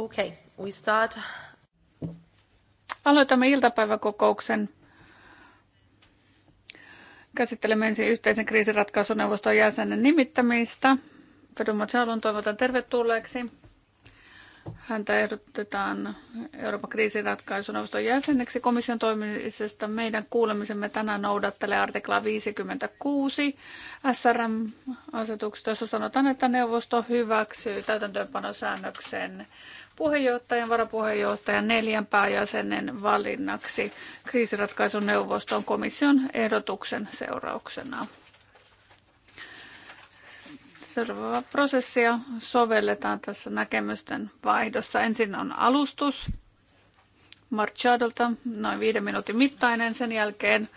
Okay, we start. Aloitamme iltapäiväkokouksen. Käsittelemme ensin yhteisen kriisiratkaisuneuvoston jäsenen nimittämistä. Pedro Machalon toivotan tervetulleeksi. Häntä ehdotetaan Euroopan kriisinratkaisuneuvoston jäseneksi komission toimimisesta. Meidän kuulemisemme tänään noudattelee artiklaa 56 SRM-asetuksesta, jossa sanotaan, että neuvosto hyväksyy täytäntöönpanosäännöksen puheenjohtajan, varapuheenjohtajan neljän pääjäsenen valinnaksi kriisinratkaisuneuvostoon komission ehdotuksen seurauksena. Seuraava prosessia sovelletaan tässä näkemysten vaihdossa. Ensin on alustus Marchadolta, noin viiden minuutin mittainen. Sen jälkeen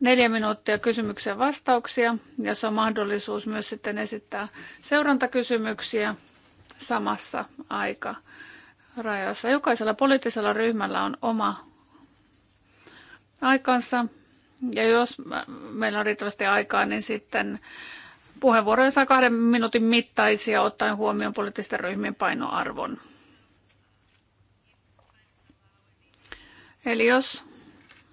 neljä minuuttia kysymyksiä ja vastauksia, se on mahdollisuus myös sitten esittää seurantakysymyksiä samassa aika rajoissa. Jokaisella poliittisella ryhmällä on oma aikansa. Ja jos meillä on riittävästi aikaa, niin sitten Puheenvuoroja saa kahden minuutin mittaisia ottaen huomioon poliittisten ryhmien painoarvon. Eli jos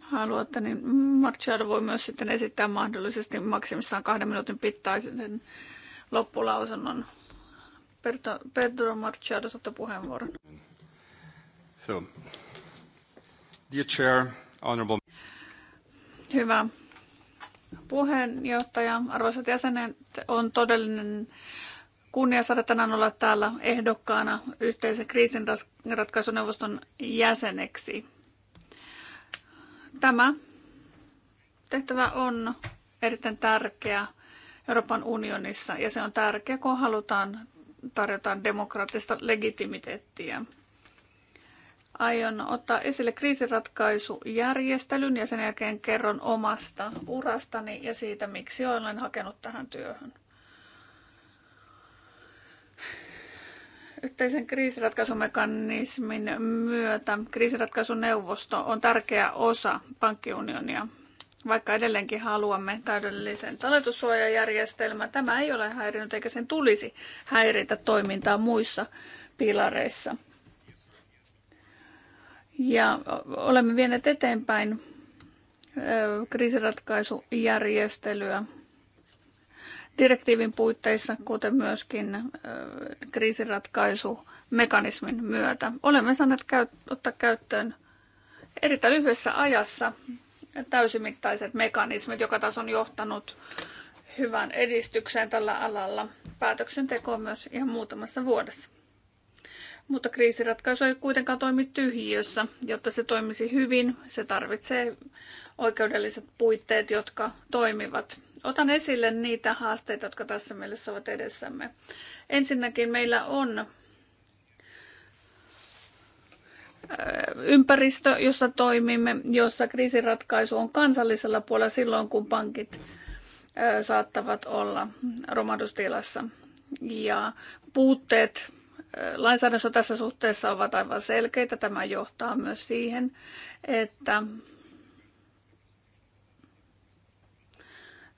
haluatte, niin Marciado voi myös sitten esittää mahdollisesti maksimissaan kahden minuutin pittaisen loppulausunnon. Pedro, Pedro Marciado, saatte puheenvuoron. So, dear chair, honorable... Hyvä puheenjohtaja, arvoisat jäsenet, on todellinen kunnia saada tänään olla täällä ehdokkaana yhteisen kriisinratkaisuneuvoston jäseneksi. Tämä tehtävä on erittäin tärkeä Euroopan unionissa ja se on tärkeä, kun halutaan tarjota demokraattista legitimiteettiä aion ottaa esille kriisiratkaisujärjestelyn ja sen jälkeen kerron omasta urastani ja siitä, miksi olen hakenut tähän työhön. Yhteisen kriisiratkaisumekanismin myötä kriisiratkaisuneuvosto on tärkeä osa pankkiunionia. Vaikka edelleenkin haluamme täydellisen talletussuojajärjestelmän, tämä ei ole häirinyt eikä sen tulisi häiritä toimintaa muissa pilareissa. Ja olemme vieneet eteenpäin kriisiratkaisujärjestelyä direktiivin puitteissa, kuten myöskin kriisiratkaisumekanismin myötä. Olemme saaneet ottaa käyttöön erittäin lyhyessä ajassa täysimittaiset mekanismit, joka taas on johtanut hyvään edistykseen tällä alalla. Päätöksenteko on myös ihan muutamassa vuodessa. Mutta kriisiratkaisu ei kuitenkaan toimi tyhjiössä. Jotta se toimisi hyvin, se tarvitsee oikeudelliset puitteet, jotka toimivat. Otan esille niitä haasteita, jotka tässä mielessä ovat edessämme. Ensinnäkin meillä on ympäristö, jossa toimimme, jossa kriisiratkaisu on kansallisella puolella silloin, kun pankit saattavat olla romahdustilassa. Ja puutteet lainsäädännössä tässä suhteessa ovat aivan selkeitä. Tämä johtaa myös siihen, että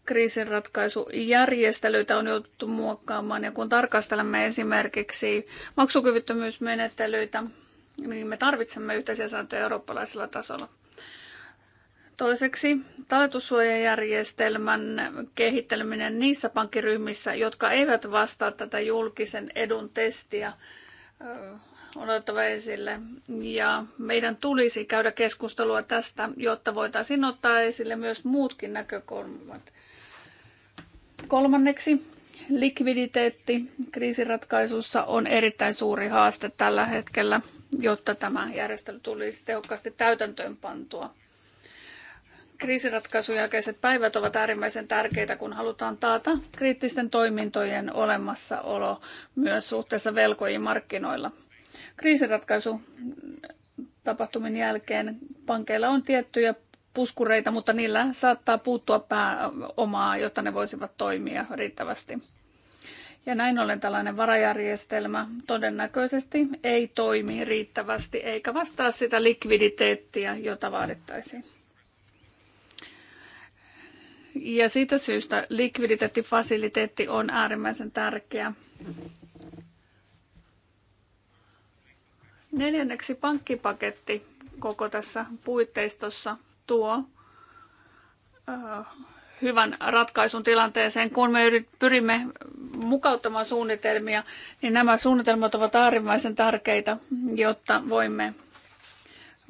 kriisinratkaisujärjestelyitä on jouduttu muokkaamaan. Ja kun tarkastelemme esimerkiksi maksukyvyttömyysmenettelyitä, niin me tarvitsemme yhteisiä sääntöjä eurooppalaisella tasolla. Toiseksi talletussuojajärjestelmän kehitteleminen niissä pankkiryhmissä, jotka eivät vastaa tätä julkisen edun testiä, on otettava esille. Ja meidän tulisi käydä keskustelua tästä, jotta voitaisiin ottaa esille myös muutkin näkökulmat. Kolmanneksi likviditeetti kriisiratkaisussa on erittäin suuri haaste tällä hetkellä, jotta tämä järjestely tulisi tehokkaasti täytäntöön pantua kriisiratkaisun jälkeiset päivät ovat äärimmäisen tärkeitä, kun halutaan taata kriittisten toimintojen olemassaolo myös suhteessa velkojiin markkinoilla. Kriisiratkaisu tapahtumin jälkeen pankeilla on tiettyjä puskureita, mutta niillä saattaa puuttua pääomaa, jotta ne voisivat toimia riittävästi. Ja näin ollen tällainen varajärjestelmä todennäköisesti ei toimi riittävästi eikä vastaa sitä likviditeettiä, jota vaadittaisiin. Ja siitä syystä likviditeettifasiliteetti on äärimmäisen tärkeä. Neljänneksi pankkipaketti koko tässä puitteistossa tuo hyvän ratkaisun tilanteeseen. Kun me pyrimme mukauttamaan suunnitelmia, niin nämä suunnitelmat ovat äärimmäisen tärkeitä, jotta voimme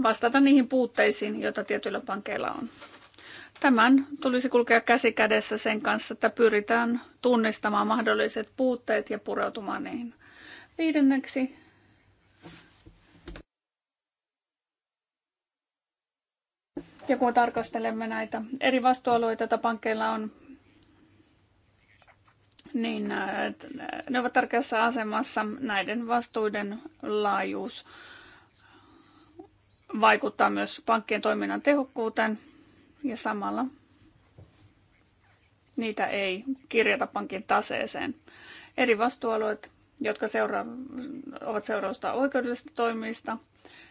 vastata niihin puutteisiin, joita tietyillä pankeilla on. Tämän tulisi kulkea käsi kädessä sen kanssa, että pyritään tunnistamaan mahdolliset puutteet ja pureutumaan niihin. Viidenneksi Ja kun tarkastelemme näitä eri vastuualueita, joita pankkeilla on, niin äh, ne ovat tärkeässä asemassa. Näiden vastuiden laajuus vaikuttaa myös pankkien toiminnan tehokkuuteen ja samalla niitä ei kirjata pankin taseeseen. Eri vastuualueet, jotka seura- ovat seurausta oikeudellisista toimista,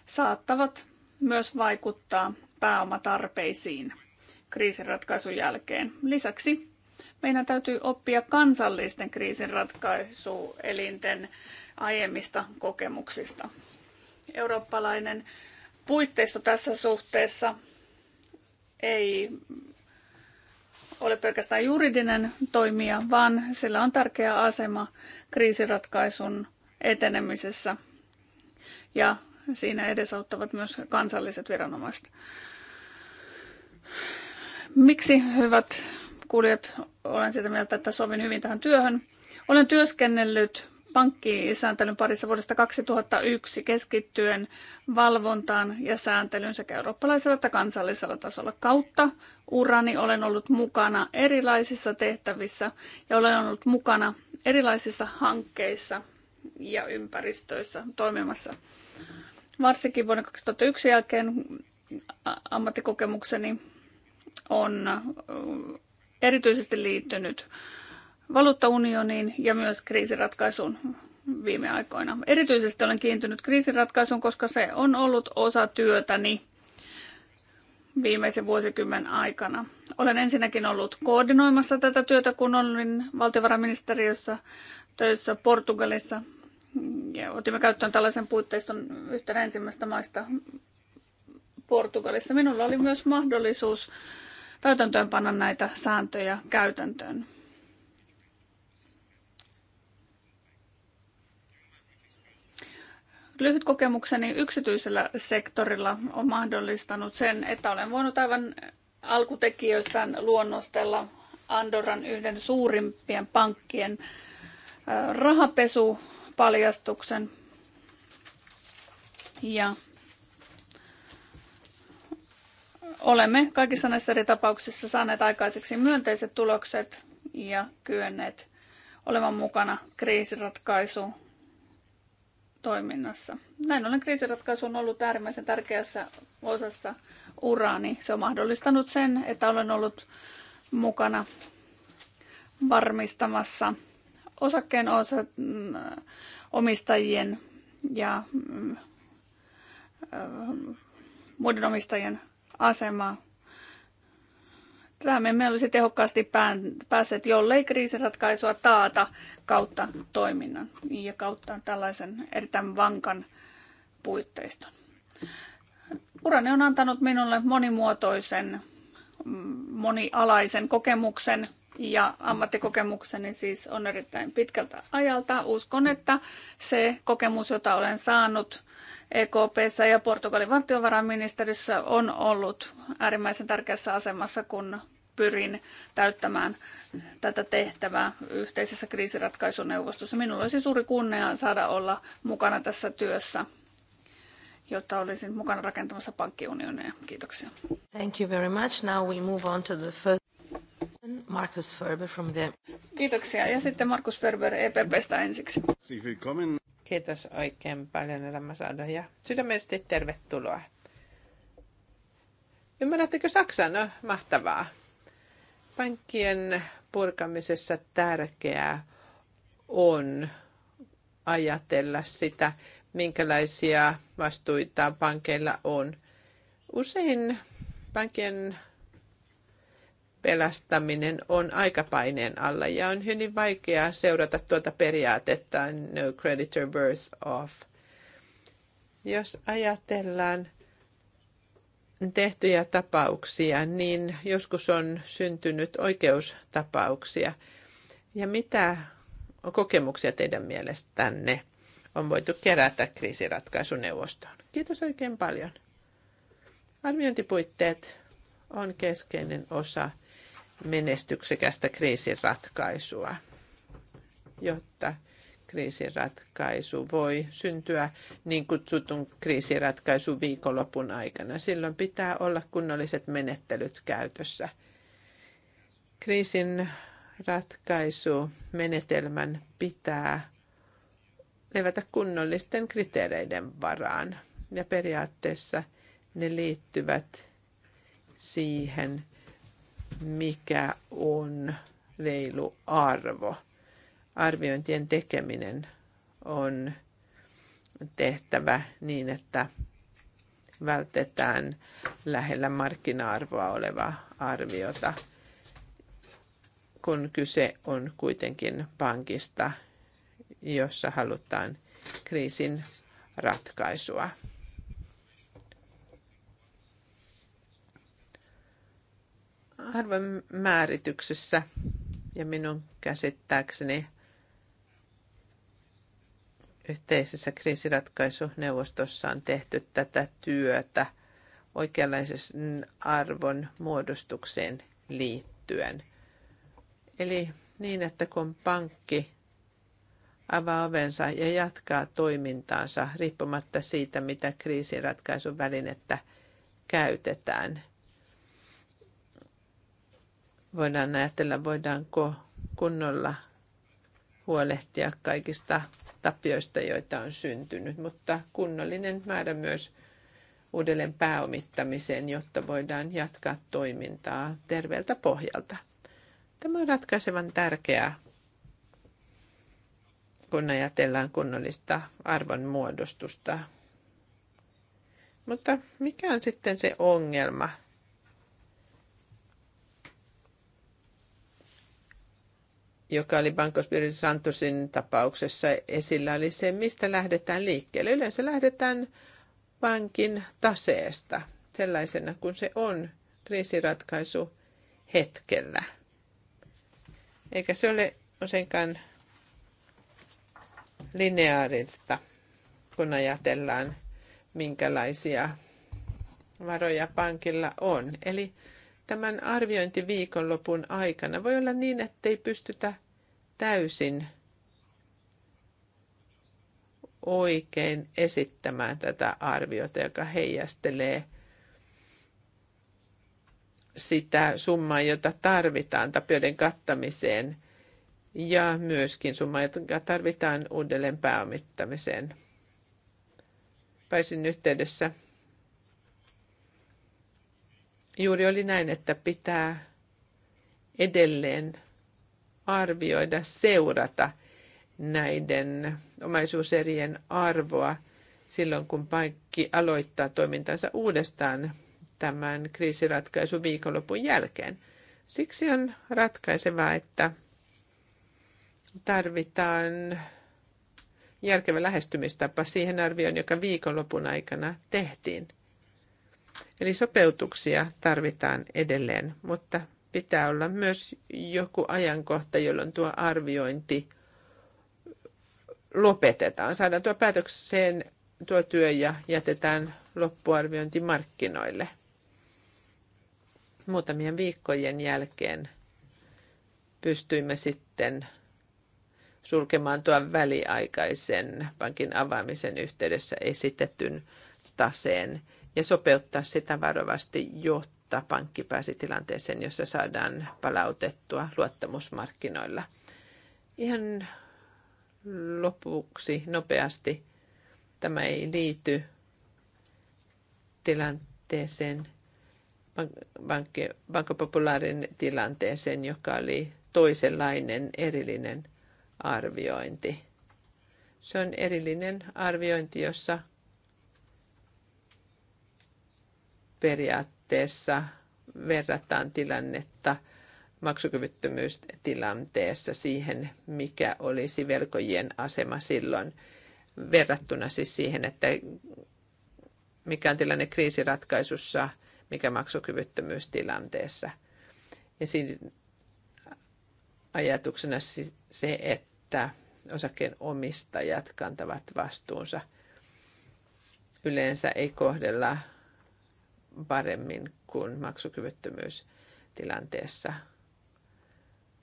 saattavat myös vaikuttaa pääomatarpeisiin kriisinratkaisun jälkeen. Lisäksi meidän täytyy oppia kansallisten kriisinratkaisuelinten aiemmista kokemuksista. Eurooppalainen puitteisto tässä suhteessa ei ole pelkästään juridinen toimija, vaan sillä on tärkeä asema kriisiratkaisun etenemisessä ja siinä edesauttavat myös kansalliset viranomaiset. Miksi, hyvät kuulijat, olen sitä mieltä, että sovin hyvin tähän työhön? Olen työskennellyt pankkisääntelyn parissa vuodesta 2001 keskittyen valvontaan ja sääntelyyn sekä eurooppalaisella että kansallisella tasolla. Kautta urani olen ollut mukana erilaisissa tehtävissä ja olen ollut mukana erilaisissa hankkeissa ja ympäristöissä toimimassa. Varsinkin vuonna 2001 jälkeen ammattikokemukseni on erityisesti liittynyt valuuttaunioniin ja myös kriisiratkaisuun viime aikoina. Erityisesti olen kiintynyt kriisiratkaisuun, koska se on ollut osa työtäni viimeisen vuosikymmen aikana. Olen ensinnäkin ollut koordinoimassa tätä työtä, kun olin valtiovarainministeriössä töissä Portugalissa. Ja otimme käyttöön tällaisen puitteiston yhtenä ensimmäistä maista Portugalissa. Minulla oli myös mahdollisuus täytäntöönpanna näitä sääntöjä käytäntöön. Lyhyt kokemukseni yksityisellä sektorilla on mahdollistanut sen, että olen voinut aivan alkutekijöistä luonnostella Andorran yhden suurimpien pankkien rahapesupaljastuksen. Ja olemme kaikissa näissä eri tapauksissa saaneet aikaiseksi myönteiset tulokset ja kyenneet olemaan mukana kriisiratkaisu toiminnassa. Näin ollen kriisiratkaisu on ollut äärimmäisen tärkeässä osassa uraani. Se on mahdollistanut sen, että olen ollut mukana varmistamassa osakkeen osa, mm, omistajien ja mm, äh, muiden omistajien asemaa Tähän me emme olisi tehokkaasti päässeet, jollei kriisiratkaisua taata kautta toiminnan ja kautta tällaisen erittäin vankan puitteiston. Urani on antanut minulle monimuotoisen, monialaisen kokemuksen ja ammattikokemukseni siis on erittäin pitkältä ajalta. Uskon, että se kokemus, jota olen saanut, EKPssä ja Portugalin valtiovarainministeriössä on ollut äärimmäisen tärkeässä asemassa, kun pyrin täyttämään tätä tehtävää yhteisessä kriisiratkaisuneuvostossa. Minulla olisi suuri kunnia saada olla mukana tässä työssä, jotta olisin mukana rakentamassa pankkiunionia. Kiitoksia. Thank you very much. Now we move on to the first Markus Ferber from the... Kiitoksia. Ja sitten Markus Ferber EPPstä ensiksi. Kiitos oikein paljon elämäsaada ja sydämellisesti tervetuloa. Ymmärrättekö Saksan? No, mahtavaa. Pankkien purkamisessa tärkeää on ajatella sitä, minkälaisia vastuita pankeilla on. Usein pankkien pelastaminen on aikapaineen alla ja on hyvin vaikeaa seurata tuota periaatetta no creditor verse off. Jos ajatellaan tehtyjä tapauksia, niin joskus on syntynyt oikeustapauksia. Ja mitä kokemuksia teidän mielestänne on voitu kerätä kriisiratkaisuneuvostoon? Kiitos oikein paljon. Arviointipuitteet on keskeinen osa menestyksekästä kriisinratkaisua, jotta kriisinratkaisu voi syntyä niin kutsutun kriisinratkaisun viikonlopun aikana. Silloin pitää olla kunnolliset menettelyt käytössä. Kriisin menetelmän pitää levätä kunnollisten kriteereiden varaan. Ja periaatteessa ne liittyvät siihen, mikä on reilu arvo. Arviointien tekeminen on tehtävä niin, että vältetään lähellä markkina-arvoa olevaa arviota, kun kyse on kuitenkin pankista, jossa halutaan kriisin ratkaisua. arvon määrityksessä ja minun käsittääkseni yhteisessä kriisiratkaisuneuvostossa on tehty tätä työtä oikeanlaisen arvon muodostukseen liittyen. Eli niin, että kun pankki avaa ovensa ja jatkaa toimintaansa riippumatta siitä, mitä kriisinratkaisun välinettä käytetään – voidaan ajatella, voidaanko kunnolla huolehtia kaikista tapioista, joita on syntynyt, mutta kunnollinen määrä myös uudelleen pääomittamiseen, jotta voidaan jatkaa toimintaa terveeltä pohjalta. Tämä on ratkaisevan tärkeää, kun ajatellaan kunnollista arvonmuodostusta. Mutta mikä on sitten se ongelma – joka oli Bankos Santosin tapauksessa esillä, oli se, mistä lähdetään liikkeelle. Yleensä lähdetään pankin taseesta sellaisena kuin se on kriisiratkaisu hetkellä. Eikä se ole useinkaan lineaarista, kun ajatellaan, minkälaisia varoja pankilla on. Eli tämän arviointiviikonlopun aikana. Voi olla niin, ettei pystytä täysin oikein esittämään tätä arviota, joka heijastelee sitä summaa, jota tarvitaan tapioiden kattamiseen ja myöskin summaa, jota tarvitaan uudelleen pääomittamiseen. Päisin yhteydessä juuri oli näin, että pitää edelleen arvioida, seurata näiden omaisuuserien arvoa silloin, kun pankki aloittaa toimintansa uudestaan tämän kriisiratkaisun viikonlopun jälkeen. Siksi on ratkaisevaa, että tarvitaan järkevä lähestymistapa siihen arvioon, joka viikonlopun aikana tehtiin. Eli sopeutuksia tarvitaan edelleen, mutta pitää olla myös joku ajankohta, jolloin tuo arviointi lopetetaan. Saadaan tuo päätökseen tuo työ ja jätetään loppuarviointi markkinoille. Muutamien viikkojen jälkeen pystyimme sitten sulkemaan tuon väliaikaisen pankin avaamisen yhteydessä esitetyn taseen ja sopeuttaa sitä varovasti, jotta pankki pääsi tilanteeseen, jossa saadaan palautettua luottamusmarkkinoilla. Ihan lopuksi nopeasti. Tämä ei liity tilanteeseen, pankkopopulaarin tilanteeseen, joka oli toisenlainen erillinen arviointi. Se on erillinen arviointi, jossa periaatteessa verrataan tilannetta maksukyvyttömyystilanteessa siihen, mikä olisi velkojien asema silloin verrattuna siis siihen, että mikä on tilanne kriisiratkaisussa, mikä maksukyvyttömyystilanteessa. Ja siinä ajatuksena se, että osakkeen omistajat kantavat vastuunsa. Yleensä ei kohdella paremmin kuin maksukyvyttömyystilanteessa.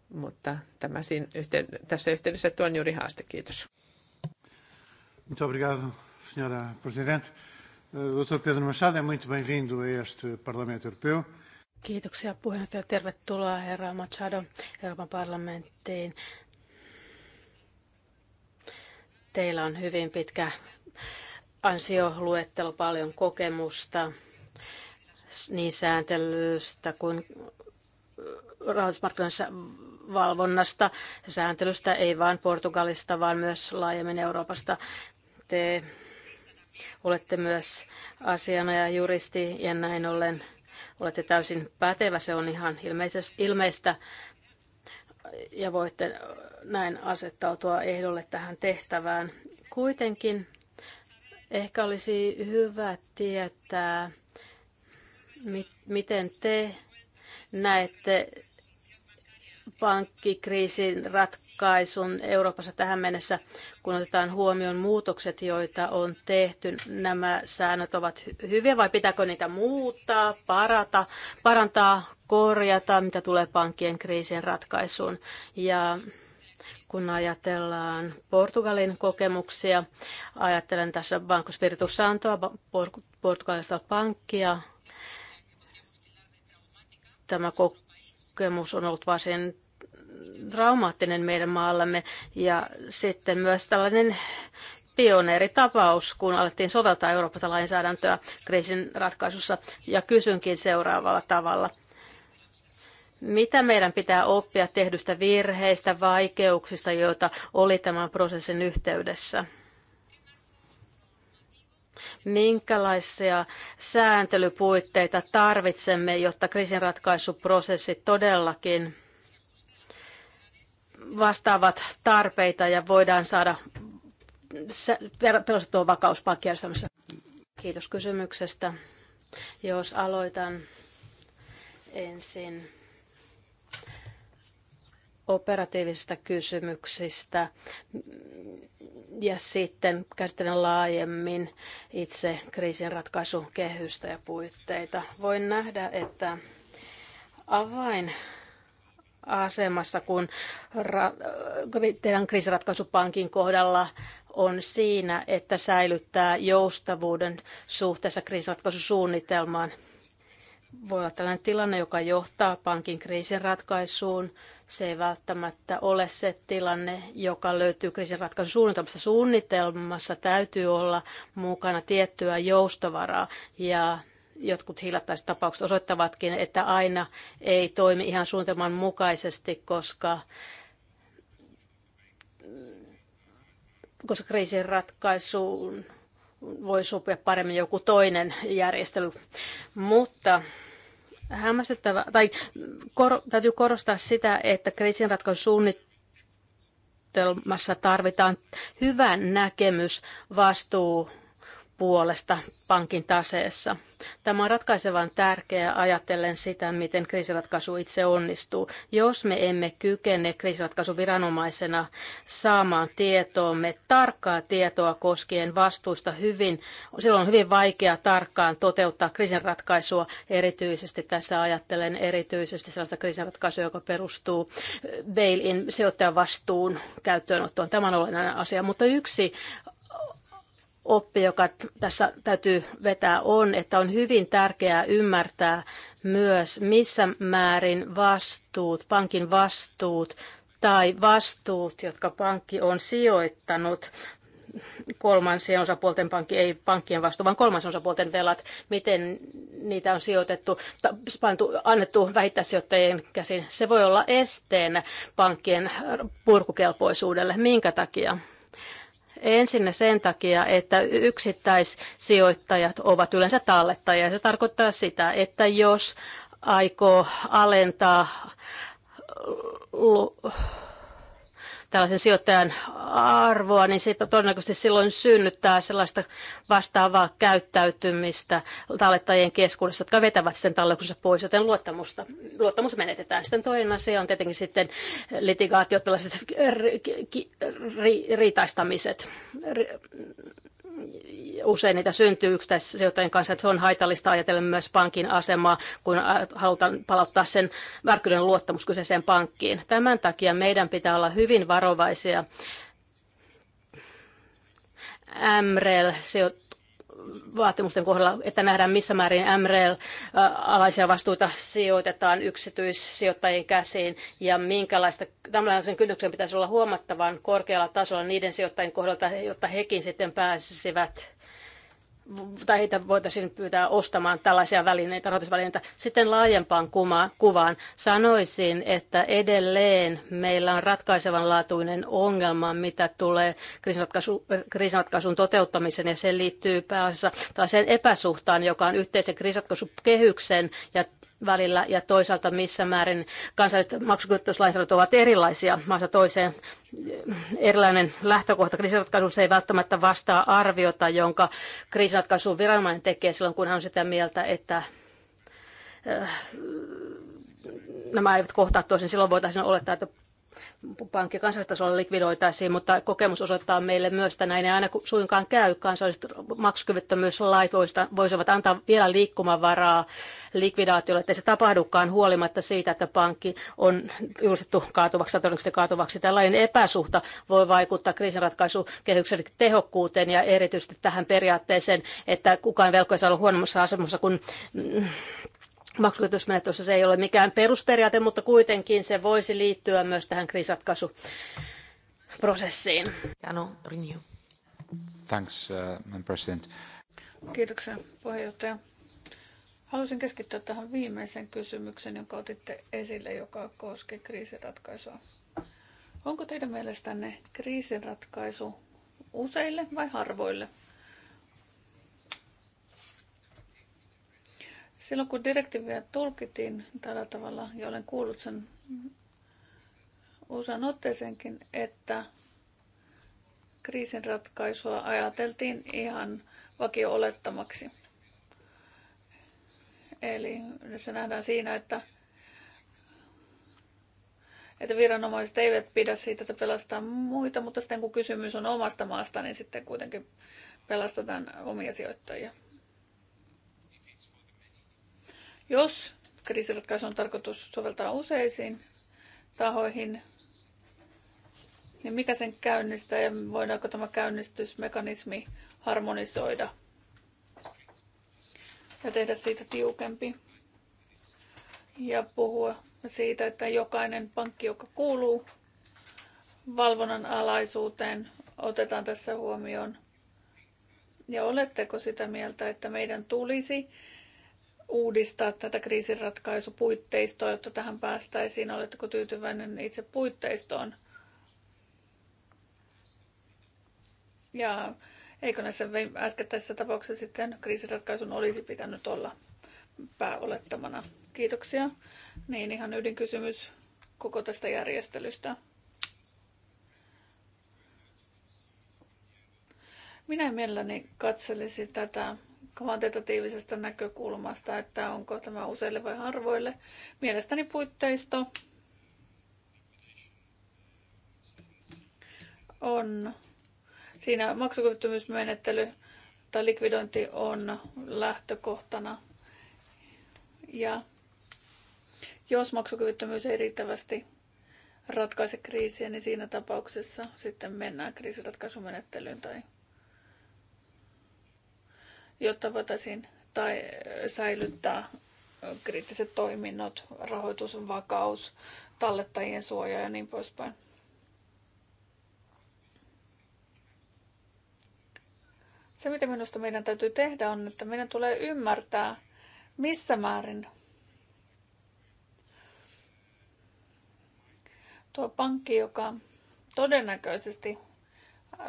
Mutta tämä siinä yhteyd- tässä yhteydessä tuon juuri haaste. Kiitos. Muito obrigado, senhora Presidente. Eh, Dr. Pedro Machado é muito bem-vindo a este Parlamento Europeu. Kiitoksia puheenjohtaja. Tervetuloa herra Machado Euroopan parlamenttiin. Teillä on hyvin pitkä ansioluettelo, paljon kokemusta niin sääntelystä kuin rahoitusmarkkinoissa valvonnasta, sääntelystä ei vain Portugalista, vaan myös laajemmin Euroopasta. Te olette myös asianaja juristi ja näin ollen olette täysin pätevä, se on ihan ilmeistä ja voitte näin asettautua ehdolle tähän tehtävään. Kuitenkin ehkä olisi hyvä tietää, miten te näette pankkikriisin ratkaisun Euroopassa tähän mennessä, kun otetaan huomioon muutokset, joita on tehty? Nämä säännöt ovat hyviä vai pitääkö niitä muuttaa, parata, parantaa, korjata, mitä tulee pankkien kriisin ratkaisuun? Ja kun ajatellaan Portugalin kokemuksia, ajattelen tässä Banco Spiritu Santoa, portugalista pankkia, Tämä kokemus on ollut varsin traumaattinen meidän maallamme ja sitten myös tällainen pioneeritapaus, kun alettiin soveltaa Euroopasta lainsäädäntöä kriisin ratkaisussa ja kysynkin seuraavalla tavalla. Mitä meidän pitää oppia tehdystä virheistä, vaikeuksista, joita oli tämän prosessin yhteydessä? Minkälaisia sääntelypuitteita tarvitsemme, jotta kriisinratkaisuprosessit todellakin vastaavat tarpeita ja voidaan saada pelastettua vakauspankkijärjestelmässä. Kiitos kysymyksestä. Jos aloitan ensin operatiivisista kysymyksistä ja sitten käsittelen laajemmin itse kriisinratkaisukehystä ja puitteita. Voin nähdä, että avain asemassa, kun ra- teidän kriisiratkaisupankin kohdalla on siinä, että säilyttää joustavuuden suhteessa kriisiratkaisusuunnitelmaan. Voi olla tällainen tilanne, joka johtaa pankin kriisinratkaisuun. ratkaisuun se ei välttämättä ole se tilanne, joka löytyy kriisinratkaisusuunnitelmasta. Suunnitelmassa täytyy olla mukana tiettyä joustovaraa ja jotkut hiljattaiset tapaukset osoittavatkin, että aina ei toimi ihan suunnitelman mukaisesti, koska koska kriisinratkaisuun voi sopia paremmin joku toinen järjestely. Mutta hämmästyttävä, tai kor, täytyy korostaa sitä, että kriisinratkaisusuunnitelmassa tarvitaan hyvä näkemys vastuu puolesta pankin taseessa. Tämä on ratkaisevan tärkeää ajatellen sitä, miten kriisiratkaisu itse onnistuu. Jos me emme kykene kriisiratkaisuviranomaisena saamaan tietoomme tarkkaa tietoa koskien vastuusta hyvin, silloin on hyvin vaikea tarkkaan toteuttaa kriisinratkaisua. Erityisesti tässä ajattelen erityisesti sellaista kriisinratkaisua, joka perustuu bail-in sijoittajan vastuun käyttöönottoon. Tämä on olennainen asia, mutta yksi oppi, joka tässä täytyy vetää, on, että on hyvin tärkeää ymmärtää myös, missä määrin vastuut, pankin vastuut tai vastuut, jotka pankki on sijoittanut, kolmansien osapuolten pankki, ei pankkien vastuu, vaan kolmansien osapuolten velat, miten niitä on sijoitettu, pantu, annettu vähittäisijoittajien käsiin. Se voi olla esteenä pankkien purkukelpoisuudelle. Minkä takia? Ensinnä sen takia, että yksittäissijoittajat ovat yleensä tallettajia. Se tarkoittaa sitä, että jos aikoo alentaa tällaisen sijoittajan arvoa, niin se todennäköisesti silloin synnyttää sellaista vastaavaa käyttäytymistä tallettajien keskuudessa, jotka vetävät sitten talletuksensa pois, joten luottamusta, luottamus menetetään. Sitten toinen asia on tietenkin sitten litigaatio, tällaiset ri, ri, ri, riitaistamiset, ri, usein niitä syntyy yksittäisijoittajien kanssa, että se on haitallista ajatella myös pankin asemaa, kun halutaan palauttaa sen värkkyyden luottamus kyseiseen pankkiin. Tämän takia meidän pitää olla hyvin varovaisia MREL vaatimusten kohdalla, että nähdään missä määrin MREL-alaisia vastuita sijoitetaan yksityissijoittajien käsiin ja minkälaista tämmöisen kynnyksen pitäisi olla huomattavan korkealla tasolla niiden sijoittajien kohdalta, jotta hekin sitten pääsisivät tai heitä voitaisiin pyytää ostamaan tällaisia välineitä, rahoitusvälineitä. Sitten laajempaan kuvaan sanoisin, että edelleen meillä on ratkaisevanlaatuinen ongelma, mitä tulee kriisinratkaisu, kriisinratkaisun toteuttamiseen, ja se liittyy pääasiassa tällaiseen epäsuhtaan, joka on yhteisen kriisinratkaisukehyksen ja välillä ja toisaalta missä määrin kansalliset maksukyvyttömyyslainsäädännöt ovat erilaisia maasta toiseen. Erilainen lähtökohta kriisiratkaisussa ei välttämättä vastaa arviota, jonka kriisiratkaisun viranomainen tekee silloin, kun hän on sitä mieltä, että äh, nämä eivät kohtaa toisen. Silloin voitaisiin olettaa, että pankki kansallistasolla likvidoitaisiin, mutta kokemus osoittaa meille myös, että näin ei aina suinkaan käy. Kansalliset maksukyvyttömyyslait voisivat antaa vielä liikkumavaraa likvidaatiolle, ettei se tapahdukaan huolimatta siitä, että pankki on julistettu kaatuvaksi tai todennäköisesti kaatuvaksi. Tällainen epäsuhta voi vaikuttaa kriisinratkaisukehyksen tehokkuuteen ja erityisesti tähän periaatteeseen, että kukaan velkoja saa olla huonommassa asemassa kuin maksukytysmenettelyssä se ei ole mikään perusperiaate, mutta kuitenkin se voisi liittyä myös tähän kriisatkaisuprosessiin. Jano Renew. Thanks, uh, President. Kiitoksia, puheenjohtaja. Haluaisin keskittyä tähän viimeisen kysymykseen, jonka otitte esille, joka koski kriisinratkaisua. Onko teidän mielestänne kriisinratkaisu useille vai harvoille? Silloin kun direktiiviä tulkittiin tällä tavalla, ja olen kuullut sen usean otteeseenkin, että kriisin ratkaisua ajateltiin ihan vakio-olettamaksi. Eli se nähdään siinä, että, että viranomaiset eivät pidä siitä, että pelastaa muita, mutta sitten kun kysymys on omasta maasta, niin sitten kuitenkin pelastetaan omia sijoittajia. Jos kriisiratkaisu on tarkoitus soveltaa useisiin tahoihin, niin mikä sen käynnistää ja voidaanko tämä käynnistysmekanismi harmonisoida ja tehdä siitä tiukempi ja puhua siitä, että jokainen pankki, joka kuuluu valvonnan alaisuuteen, otetaan tässä huomioon. Ja oletteko sitä mieltä, että meidän tulisi uudistaa tätä kriisinratkaisupuitteistoa, jotta tähän päästäisiin? Oletteko tyytyväinen itse puitteistoon? Ja eikö näissä äskettäisissä tapauksissa sitten kriisinratkaisun olisi pitänyt olla pääolettamana? Kiitoksia. Niin ihan ydinkysymys koko tästä järjestelystä. Minä mielelläni katselisin tätä kvantitatiivisesta näkökulmasta, että onko tämä useille vai harvoille. Mielestäni puitteisto on siinä maksukyvyttömyysmenettely tai likvidointi on lähtökohtana. Ja jos maksukyvyttömyys ei riittävästi ratkaise kriisiä, niin siinä tapauksessa sitten mennään kriisiratkaisumenettelyyn tai jotta voitaisiin tai säilyttää kriittiset toiminnot, rahoitusvakaus, tallettajien suoja ja niin poispäin. Se, mitä minusta meidän täytyy tehdä, on, että meidän tulee ymmärtää, missä määrin tuo pankki, joka todennäköisesti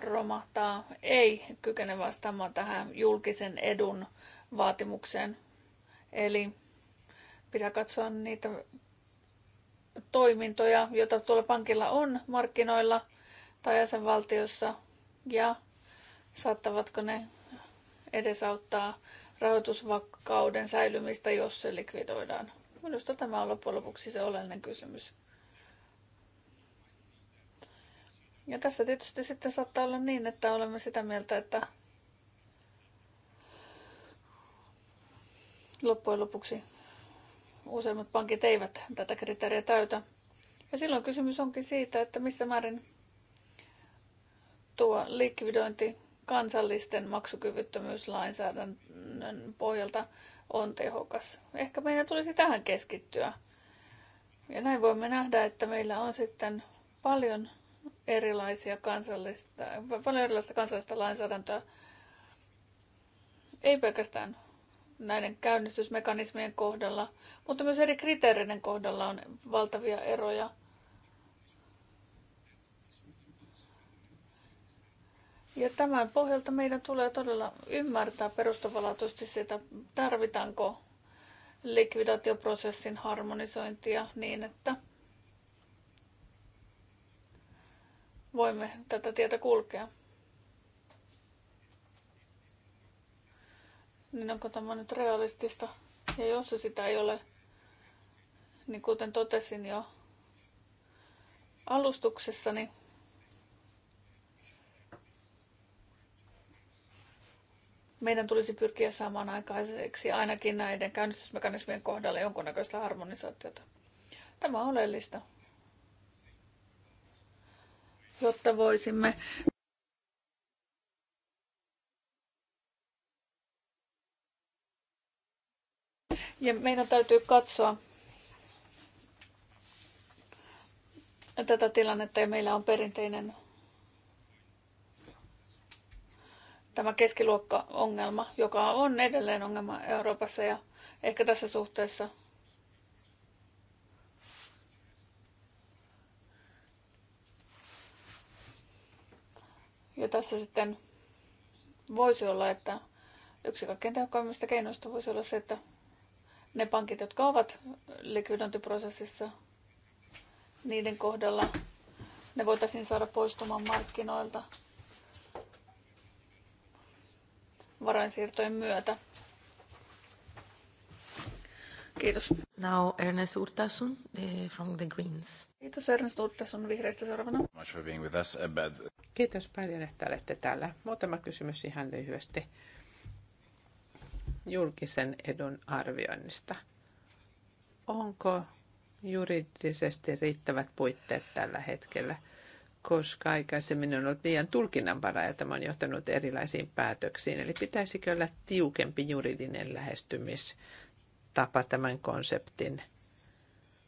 romahtaa, ei kykene vastaamaan tähän julkisen edun vaatimukseen. Eli pitää katsoa niitä toimintoja, joita tuolla pankilla on markkinoilla tai jäsenvaltiossa ja saattavatko ne edesauttaa rahoitusvakauden säilymistä, jos se likvidoidaan. Minusta tämä on loppujen lopuksi se oleellinen kysymys. Ja tässä tietysti sitten saattaa olla niin, että olemme sitä mieltä, että loppujen lopuksi useimmat pankit eivät tätä kriteeriä täytä. Ja silloin kysymys onkin siitä, että missä määrin tuo likvidointi kansallisten maksukyvyttömyyslainsäädännön pohjalta on tehokas. Ehkä meidän tulisi tähän keskittyä. Ja näin voimme nähdä, että meillä on sitten paljon erilaisia kansallista, paljon erilaista kansallista lainsäädäntöä. Ei pelkästään näiden käynnistysmekanismien kohdalla, mutta myös eri kriteereiden kohdalla on valtavia eroja. Ja tämän pohjalta meidän tulee todella ymmärtää perustavanlaatuisesti sitä, tarvitaanko likvidaatioprosessin harmonisointia niin, että voimme tätä tietä kulkea. Niin onko tämä nyt realistista? Ja jos se sitä ei ole, niin kuten totesin jo alustuksessa, niin meidän tulisi pyrkiä saamaan aikaiseksi ainakin näiden käynnistysmekanismien kohdalla jonkunnäköistä harmonisaatiota. Tämä on oleellista jotta voisimme Ja meidän täytyy katsoa tätä tilannetta ja meillä on perinteinen tämä keskiluokkaongelma, joka on edelleen ongelma Euroopassa ja ehkä tässä suhteessa Ja tässä sitten voisi olla, että yksi kaikkein tehokkaimmista keinoista voisi olla se, että ne pankit, jotka ovat likvidointiprosessissa, niiden kohdalla ne voitaisiin saada poistumaan markkinoilta varainsiirtojen myötä. Kiitos. Now Ernest Urtasun the, eh, from the Greens. Kiitos Ernest Urtasun vihreistä seuraavana. Much for being with us, but... Kiitos paljon, että olette täällä. Muutama kysymys ihan lyhyesti julkisen edun arvioinnista. Onko juridisesti riittävät puitteet tällä hetkellä, koska aikaisemmin on ollut liian tulkinnanvaraa ja tämä on johtanut erilaisiin päätöksiin. Eli pitäisikö olla tiukempi juridinen lähestymis tapa tämän konseptin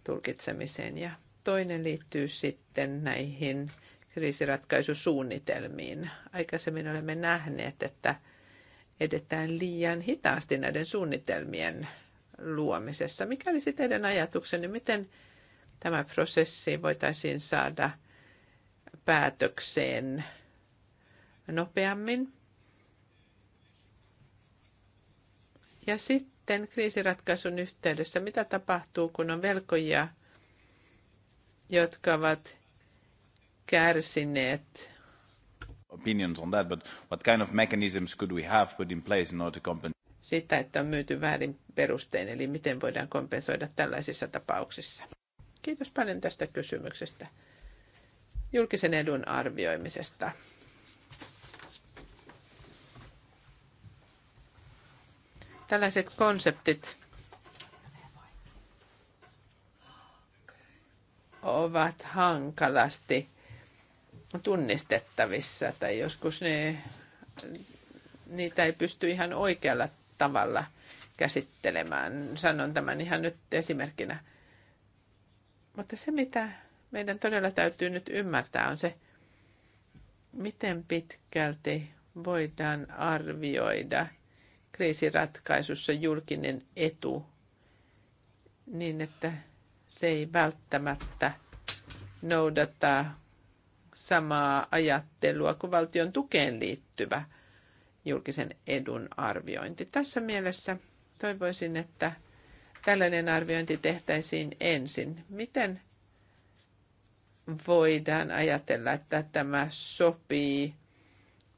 tulkitsemiseen. Ja toinen liittyy sitten näihin kriisiratkaisusuunnitelmiin. Aikaisemmin olemme nähneet, että edetään liian hitaasti näiden suunnitelmien luomisessa. Mikä olisi teidän ajatuksenne, miten tämä prosessi voitaisiin saada päätökseen nopeammin? Ja sitten sitten kriisiratkaisun yhteydessä, mitä tapahtuu, kun on velkoja, jotka ovat kärsineet? Opinions on that, but what kind of mechanisms could we have put in place in order to compensate? Sitä, että on myyty väärin perustein, eli miten voidaan kompensoida tällaisissa tapauksissa. Kiitos paljon tästä kysymyksestä. Julkisen edun arvioimisesta. Tällaiset konseptit ovat hankalasti tunnistettavissa tai joskus ne, niitä ei pysty ihan oikealla tavalla käsittelemään. Sanon tämän ihan nyt esimerkkinä. Mutta se, mitä meidän todella täytyy nyt ymmärtää, on se, miten pitkälti voidaan arvioida – kriisiratkaisussa julkinen etu niin, että se ei välttämättä noudata samaa ajattelua kuin valtion tukeen liittyvä julkisen edun arviointi. Tässä mielessä toivoisin, että tällainen arviointi tehtäisiin ensin. Miten voidaan ajatella, että tämä sopii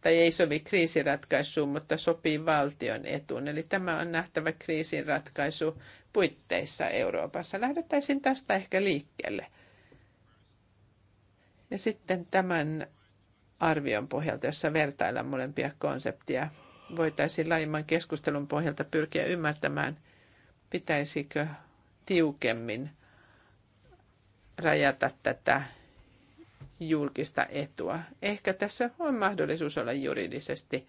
tai ei sovi kriisiratkaisuun, mutta sopii valtion etuun. Eli tämä on nähtävä kriisin ratkaisu puitteissa Euroopassa. Lähdettäisiin tästä ehkä liikkeelle. Ja sitten tämän arvion pohjalta, jossa vertaillaan molempia konseptia, voitaisiin laajemman keskustelun pohjalta pyrkiä ymmärtämään, pitäisikö tiukemmin rajata tätä julkista etua. Ehkä tässä on mahdollisuus olla juridisesti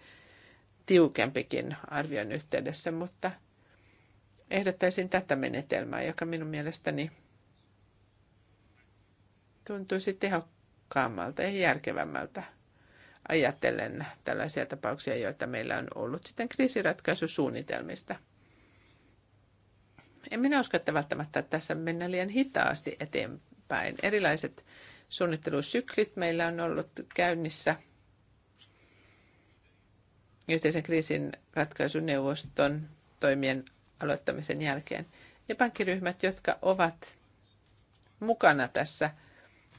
tiukempikin arvion yhteydessä, mutta ehdottaisin tätä menetelmää, joka minun mielestäni tuntuisi tehokkaammalta ja järkevämmältä ajatellen tällaisia tapauksia, joita meillä on ollut sitten kriisiratkaisusuunnitelmista. En minä usko, että välttämättä tässä mennään liian hitaasti eteenpäin. Erilaiset suunnittelusyklit meillä on ollut käynnissä yhteisen kriisin ratkaisuneuvoston toimien aloittamisen jälkeen. Ne pankkiryhmät, jotka ovat mukana tässä,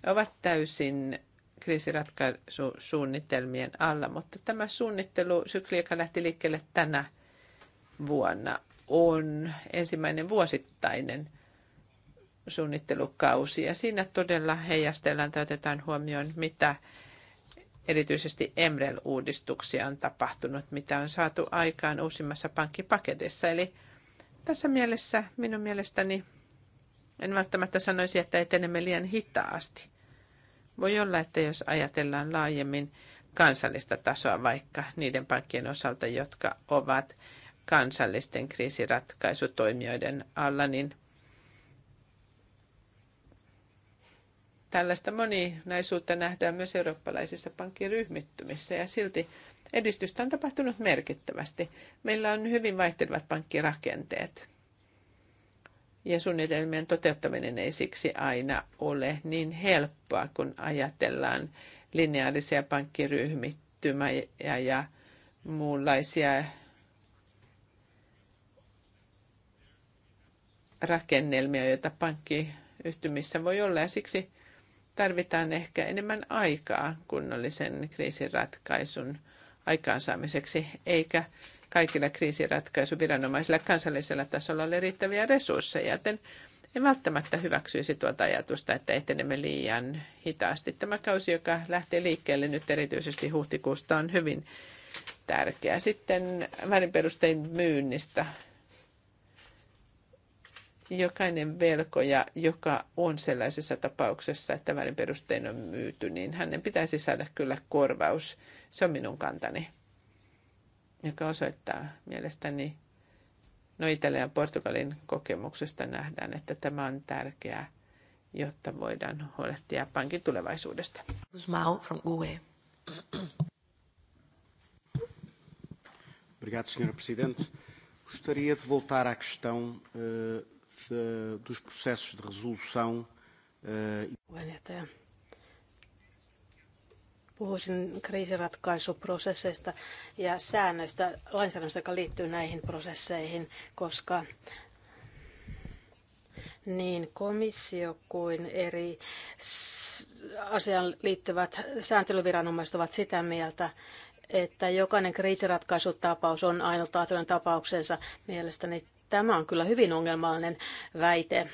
ovat täysin kriisiratkaisusuunnitelmien alla, mutta tämä suunnittelusykli, joka lähti liikkeelle tänä vuonna, on ensimmäinen vuosittainen – suunnittelukausi. Ja siinä todella heijastellaan tai otetaan huomioon, mitä erityisesti Emrel-uudistuksia on tapahtunut, mitä on saatu aikaan uusimmassa pankkipaketissa. Eli tässä mielessä minun mielestäni en välttämättä sanoisi, että etenemme liian hitaasti. Voi olla, että jos ajatellaan laajemmin kansallista tasoa vaikka niiden pankkien osalta, jotka ovat kansallisten kriisiratkaisutoimijoiden alla, niin Tällaista moninaisuutta nähdään myös eurooppalaisissa pankkiryhmittymissä ja silti edistystä on tapahtunut merkittävästi. Meillä on hyvin vaihtelevat pankkirakenteet ja suunnitelmien toteuttaminen ei siksi aina ole niin helppoa, kun ajatellaan lineaarisia pankkiryhmittymiä ja, ja muunlaisia rakennelmia, joita pankkiyhtymissä voi olla. Ja siksi tarvitaan ehkä enemmän aikaa kunnollisen kriisiratkaisun aikaansaamiseksi, eikä kaikilla kriisiratkaisuviranomaisilla kansallisella tasolla ole riittäviä resursseja, joten en välttämättä hyväksyisi tuota ajatusta, että etenemme liian hitaasti. Tämä kausi, joka lähtee liikkeelle nyt erityisesti huhtikuusta, on hyvin tärkeä. Sitten väliperustein myynnistä jokainen velkoja, joka on sellaisessa tapauksessa, että väärin perustein on myyty, niin hänen pitäisi saada kyllä korvaus. Se on minun kantani, joka osoittaa mielestäni, no Italian ja Portugalin kokemuksesta nähdään, että tämä on tärkeää, jotta voidaan huolehtia pankin tulevaisuudesta. from Obrigado, Sr. Presidente. Gostaria de voltar à questão uh, de, dos processos de resolução. Eh, e até. Puhuisin kriisiratkaisuprosesseista ja säännöistä, lainsäädännöstä, joka liittyy näihin prosesseihin, koska niin komissio kuin eri asiaan liittyvät sääntelyviranomaiset ovat sitä mieltä, että jokainen kriisiratkaisutapaus on ainutlaatuinen tapauksensa. Mielestäni Tämä on kyllä hyvin ongelmallinen väite.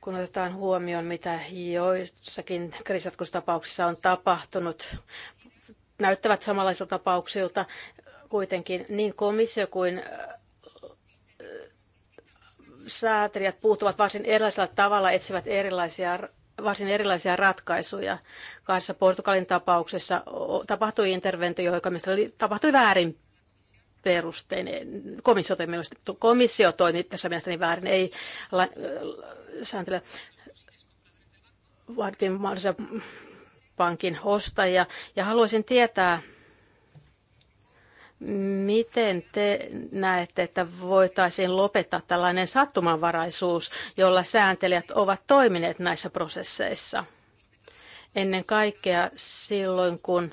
Kun otetaan huomioon, mitä joissakin kriisatkustapauksissa on tapahtunut, näyttävät samanlaisilta tapauksilta kuitenkin niin komissio kuin säätelijät puuttuvat varsin erilaisella tavalla, etsivät erilaisia varsin erilaisia ratkaisuja. Kahdessa Portugalin tapauksessa tapahtui interventio, joka mistä tapahtui väärin perusteinen. Komissio, komissio toimii tässä mielestäni väärin, ei la, sääntele vartin mahdollisia pankin ostajia. Ja haluaisin tietää, Miten te näette, että voitaisiin lopettaa tällainen sattumanvaraisuus, jolla sääntelijät ovat toimineet näissä prosesseissa? Ennen kaikkea silloin, kun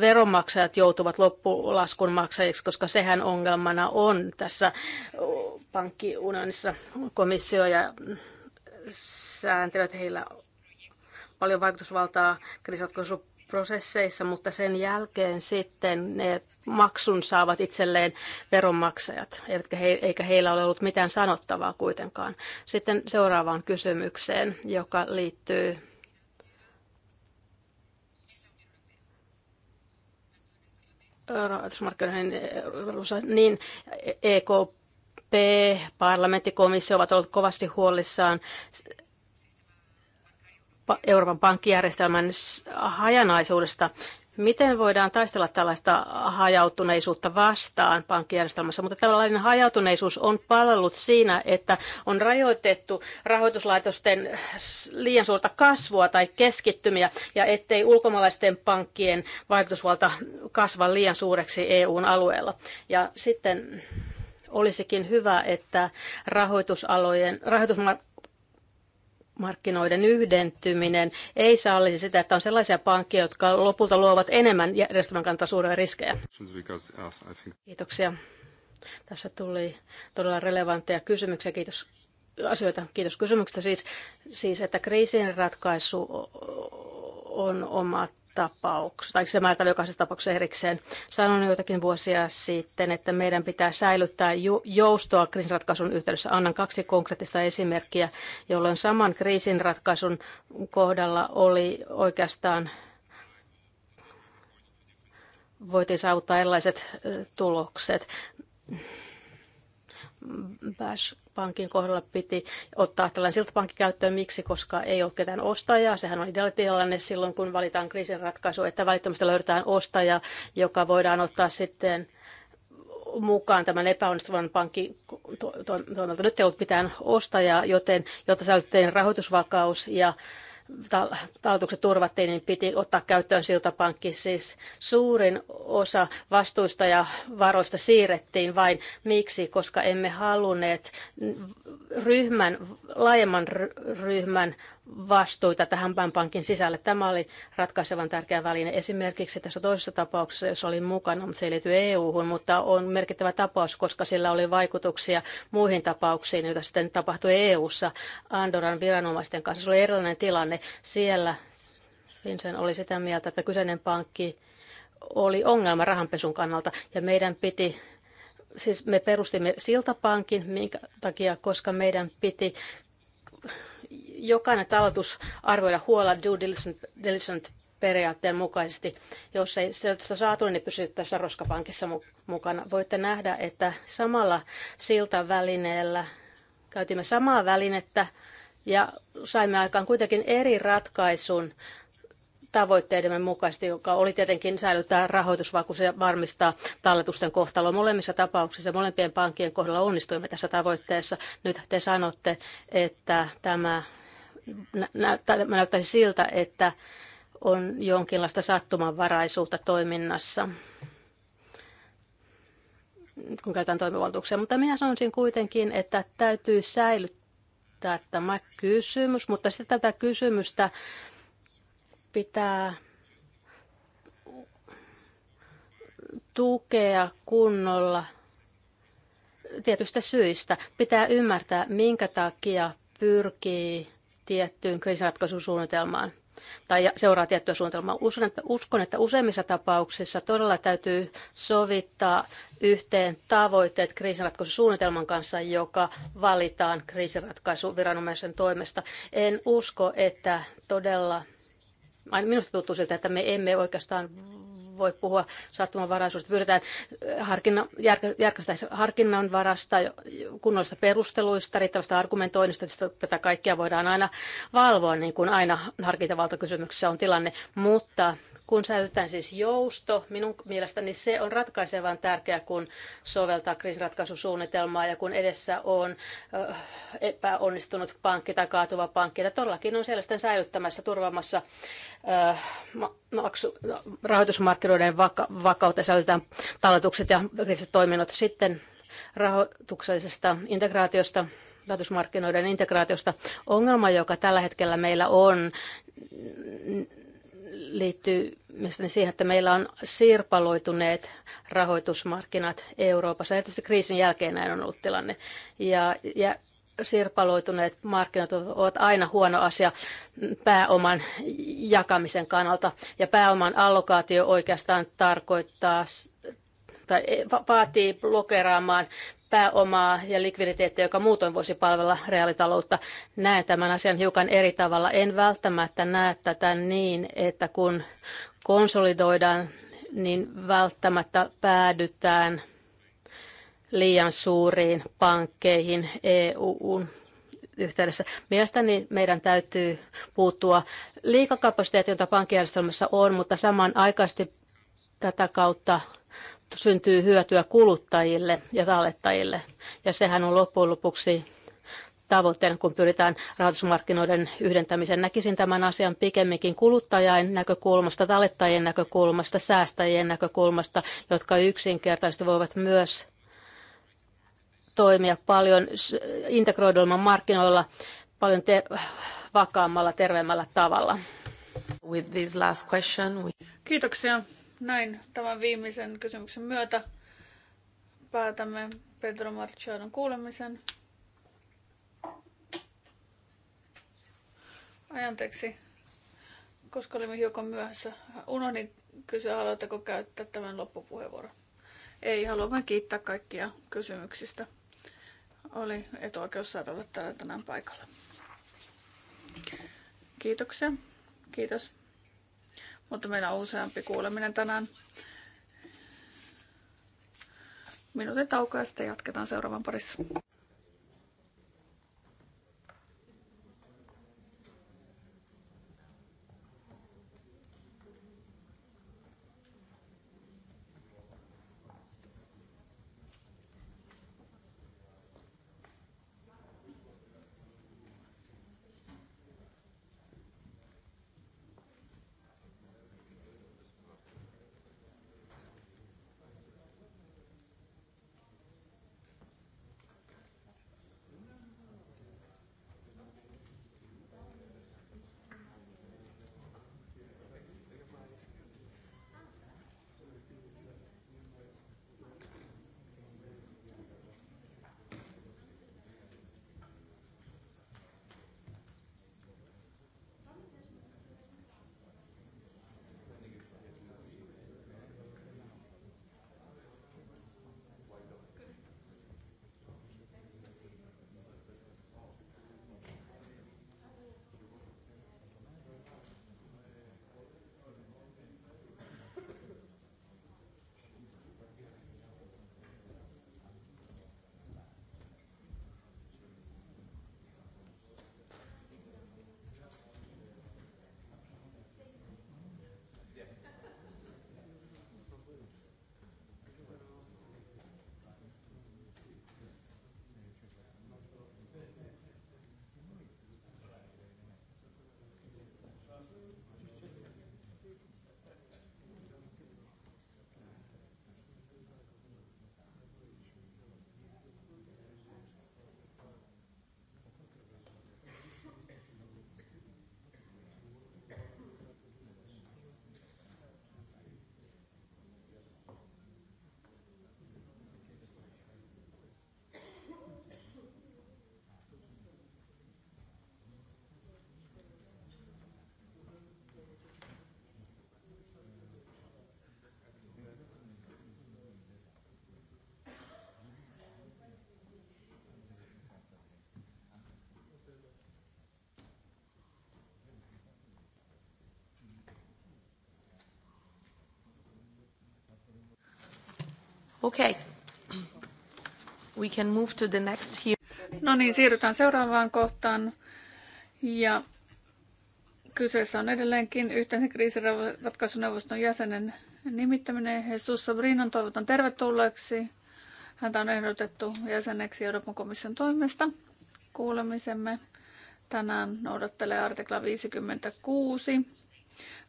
veronmaksajat joutuvat loppulaskun maksajiksi, koska sehän ongelmana on tässä pankkiunionissa komissio ja sääntelyt heillä paljon vaikutusvaltaa prosesseissa, mutta sen jälkeen sitten ne maksun saavat itselleen veronmaksajat, eivätkä he, eikä heillä ole ollut mitään sanottavaa kuitenkaan. Sitten seuraavaan kysymykseen, joka liittyy rahoitusmarkkinoihin, eh, niin EKP, parlamenttikomissio ovat olleet kovasti huolissaan Euroopan pankkijärjestelmän hajanaisuudesta Miten voidaan taistella tällaista hajautuneisuutta vastaan pankkijärjestelmässä? Mutta tällainen hajautuneisuus on palvellut siinä, että on rajoitettu rahoituslaitosten liian suurta kasvua tai keskittymiä, ja ettei ulkomaalaisten pankkien vaikutusvalta kasva liian suureksi EUn alueella. Ja sitten olisikin hyvä, että rahoitusalojen, rahoitusmarkkinoiden markkinoiden yhdentyminen ei sallisi sitä, että on sellaisia pankkeja, jotka lopulta luovat enemmän järjestelmän kannalta suuria riskejä. Kiitoksia. Tässä tuli todella relevantteja kysymyksiä. Kiitos asioita. Kiitos kysymyksestä. Siis, siis että kriisin ratkaisu on omat tapauksessa, tai se määritellä jokaisessa tapauksessa erikseen. Sanoin joitakin vuosia sitten, että meidän pitää säilyttää joustoa kriisinratkaisun yhteydessä. Annan kaksi konkreettista esimerkkiä, jolloin saman kriisinratkaisun kohdalla oli oikeastaan voitiin saavuttaa erilaiset tulokset. Bash pankin kohdalla piti ottaa tällainen siltapankki käyttöön. Miksi? Koska ei ole ketään ostajaa. Sehän on tilanne silloin, kun valitaan kriisin ratkaisu, että välittömästi löydetään ostaja, joka voidaan ottaa sitten mukaan tämän epäonnistuvan pankin toimelta. Nyt ei ollut mitään ostajaa, joten jotta säilytettiin rahoitusvakaus ja talletukset turvattiin, niin piti ottaa käyttöön siltapankki. Siis suurin osa vastuista ja varoista siirrettiin vain. Miksi? Koska emme halunneet ryhmän, laajemman ryhmän vastuita tähän pankin sisälle. Tämä oli ratkaisevan tärkeä väline. Esimerkiksi tässä toisessa tapauksessa, jossa olin mukana, mutta se ei liity EU-hun, mutta on merkittävä tapaus, koska sillä oli vaikutuksia muihin tapauksiin, joita sitten tapahtui EU-ssa Andoran viranomaisten kanssa. Se oli erilainen tilanne. Siellä Vincent oli sitä mieltä, että kyseinen pankki oli ongelma rahanpesun kannalta ja meidän piti Siis me perustimme siltapankin, minkä takia, koska meidän piti jokainen talotus arvioida huolella due periaatteen mukaisesti. Jos ei sieltä saatu, niin pysy tässä roskapankissa mukana. Voitte nähdä, että samalla siltavälineellä käytimme samaa välinettä ja saimme aikaan kuitenkin eri ratkaisun tavoitteidemme mukaisesti, joka oli tietenkin säilyttää rahoitusvakuus ja varmistaa talletusten kohtalo. Molemmissa tapauksissa molempien pankkien kohdalla onnistuimme tässä tavoitteessa. Nyt te sanotte, että tämä näyttäisi siltä, että on jonkinlaista sattumanvaraisuutta toiminnassa kun käytetään toimivaltuuksia. Mutta minä sanoisin kuitenkin, että täytyy säilyttää tämä kysymys, mutta sitten tätä kysymystä Pitää tukea kunnolla tietystä syistä. Pitää ymmärtää, minkä takia pyrkii tiettyyn kriisinratkaisusuunnitelmaan tai seuraa tiettyä suunnitelmaa. Uskon että, uskon, että useimmissa tapauksissa todella täytyy sovittaa yhteen tavoitteet kriisinratkaisusuunnitelman kanssa, joka valitaan kriisinratkaisuviranomaisen toimesta. En usko, että todella Minusta tuntuu siltä, että me emme oikeastaan voi puhua sattumanvaraisuudesta. Pyydetään äh, harkinnan järkästä harkinnanvarasta, kunnollisista perusteluista, riittävästä argumentoinnista. Tätä kaikkea voidaan aina valvoa, niin kuin aina harkintavaltakysymyksessä on tilanne. Mutta kun säilytetään siis jousto, minun mielestäni se on ratkaisevan tärkeää, kun soveltaa kriisiratkaisusuunnitelmaa ja kun edessä on äh, epäonnistunut pankki tai kaatuva pankki, että todellakin on sellaisten säilyttämässä, turvaamassa äh, maksu, rahoitusmarkkinoiden vaka, vakautta, säilytetään talletukset ja toiminnot sitten rahoituksellisesta integraatiosta rahoitusmarkkinoiden integraatiosta. Ongelma, joka tällä hetkellä meillä on, liittyy mielestäni siihen, että meillä on sirpaloituneet rahoitusmarkkinat Euroopassa. Erityisesti kriisin jälkeen näin on ollut tilanne. Ja, ja sirpaloituneet markkinat ovat aina huono asia pääoman jakamisen kannalta. Ja pääoman allokaatio oikeastaan tarkoittaa tai vaatii blokeraamaan pääomaa ja likviditeettiä, joka muutoin voisi palvella reaalitaloutta. Näen tämän asian hiukan eri tavalla. En välttämättä näe tätä niin, että kun konsolidoidaan, niin välttämättä päädytään liian suuriin pankkeihin EUn yhteydessä. Mielestäni meidän täytyy puuttua liikakapasiteetin, jota pankkijärjestelmässä on, mutta samanaikaisesti tätä kautta syntyy hyötyä kuluttajille ja tallettajille. Ja sehän on loppujen lopuksi tavoitteena, kun pyritään rahoitusmarkkinoiden yhdentämiseen. Näkisin tämän asian pikemminkin kuluttajien näkökulmasta, tallettajien näkökulmasta, säästäjien näkökulmasta, jotka yksinkertaisesti voivat myös toimia paljon integroidulman markkinoilla paljon ter- vakaammalla, terveemmällä tavalla. With this last question, we... Kiitoksia. Näin tämän viimeisen kysymyksen myötä päätämme Pedro Marchadon kuulemisen. Ajanteeksi, koska olimme hiukan myöhässä. Unohdin kysyä, haluatteko käyttää tämän loppupuheenvuoron. Ei, haluan vain kiittää kaikkia kysymyksistä. Oli etuoikeus saada olla täällä tänään paikalla. Kiitoksia. Kiitos mutta meillä on useampi kuuleminen tänään. Minuutin tauko ja sitten jatketaan seuraavan parissa. Okay. We can move to the next here. No niin, siirrytään seuraavaan kohtaan. Ja kyseessä on edelleenkin yhteisen kriisiratkaisuneuvoston jäsenen nimittäminen. Jesus Sabrinan toivotan tervetulleeksi. Häntä on ehdotettu jäseneksi Euroopan komission toimesta. Kuulemisemme tänään noudattelee artikla 56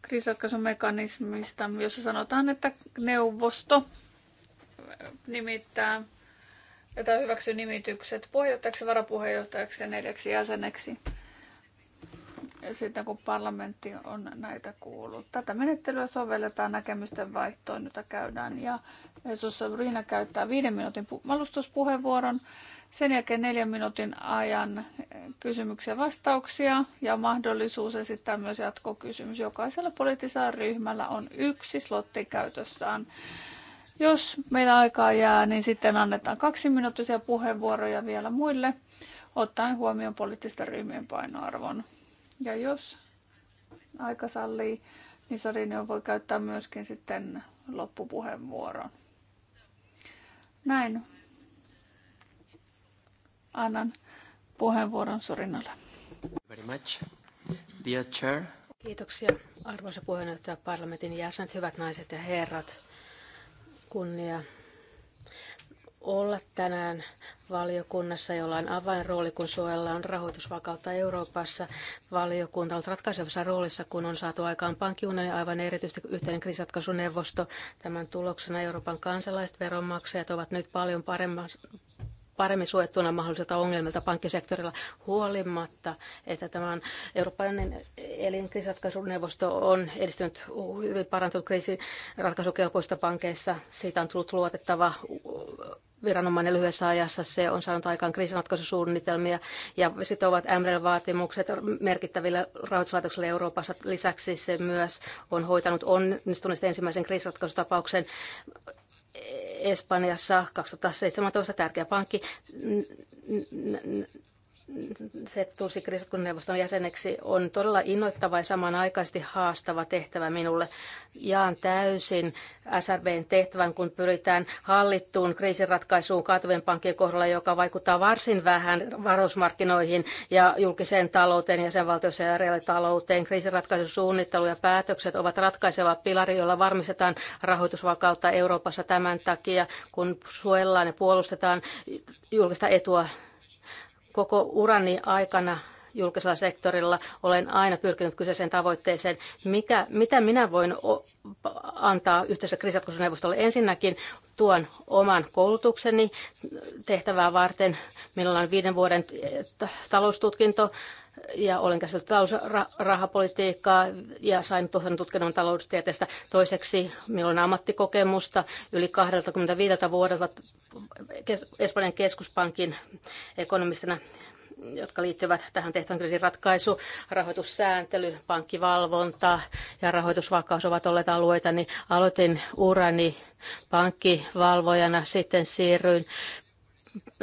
kriisiratkaisumekanismista, jossa sanotaan, että neuvosto nimittää, jota hyväksy nimitykset puheenjohtajaksi, varapuheenjohtajaksi ja neljäksi jäseneksi sitten kun parlamentti on näitä kuullut. Tätä menettelyä sovelletaan näkemysten vaihtoon, jota käydään. Ja Jesus Riina käyttää viiden minuutin alustuspuheenvuoron, sen jälkeen neljän minuutin ajan kysymyksiä ja vastauksia ja mahdollisuus esittää myös jatkokysymys. Jokaisella poliittisella ryhmällä on yksi slotti käytössään jos meillä aikaa jää, niin sitten annetaan kaksi minuuttisia puheenvuoroja vielä muille, ottaen huomioon poliittisten ryhmien painoarvon. Ja jos aika sallii, niin Sarinio voi käyttää myöskin sitten loppupuheenvuoron. Näin. Annan puheenvuoron Sorinalle. Very much. Dear chair. Kiitoksia arvoisa puheenjohtaja parlamentin jäsenet, hyvät naiset ja herrat kunnia olla tänään valiokunnassa, jolla on avainrooli, kun suojellaan rahoitusvakautta Euroopassa. Valiokunta on ollut ratkaisevassa roolissa, kun on saatu aikaan pankkiunioni, aivan erityisesti yhteinen kriisiratkaisuneuvosto. Tämän tuloksena Euroopan kansalaiset veronmaksajat ovat nyt paljon paremmassa paremmin suojattuna mahdollisilta ongelmilta pankkisektorilla huolimatta, että tämän eurooppalainen elinkriisiratkaisuneuvosto on edistynyt hyvin parantunut kriisiratkaisukelpoista ratkaisukelpoista pankeissa. Siitä on tullut luotettava viranomainen lyhyessä ajassa. Se on saanut aikaan kriisinratkaisusuunnitelmia ja sitovat MREL-vaatimukset merkittäville rahoituslaitoksille Euroopassa. Lisäksi se myös on hoitanut onnistuneesti ensimmäisen kriisinratkaisutapauksen Espanjassa 2017 tärkeä pankki se, että tulisi neuvoston jäseneksi, on todella innoittava ja samanaikaisesti haastava tehtävä minulle. Jaan täysin SRBn tehtävän, kun pyritään hallittuun kriisinratkaisuun kaatuvien pankkien kohdalla, joka vaikuttaa varsin vähän varallisuusmarkkinoihin ja julkiseen talouteen, jäsenvaltioissa ja reaalitalouteen. Kriisinratkaisusuunnittelu ja päätökset ovat ratkaiseva pilari, jolla varmistetaan rahoitusvakautta Euroopassa tämän takia, kun suojellaan ja puolustetaan julkista etua Koko urani aikana julkisella sektorilla olen aina pyrkinyt kyseiseen tavoitteeseen. Mikä, mitä minä voin antaa yhteisessä kriisiratkaisuneuvostolle? Ensinnäkin tuon oman koulutukseni tehtävää varten. Minulla on viiden vuoden taloustutkinto ja olen käsitellyt talousrahapolitiikkaa ja sain tuohon tutkinnon taloustieteestä. Toiseksi minulla on ammattikokemusta yli 25 vuodelta Espanjan keskuspankin ekonomistina jotka liittyvät tähän tehtävän kriisin ratkaisu, rahoitussääntely, pankkivalvonta ja rahoitusvakaus ovat olleet alueita, niin aloitin urani pankkivalvojana, sitten siirryin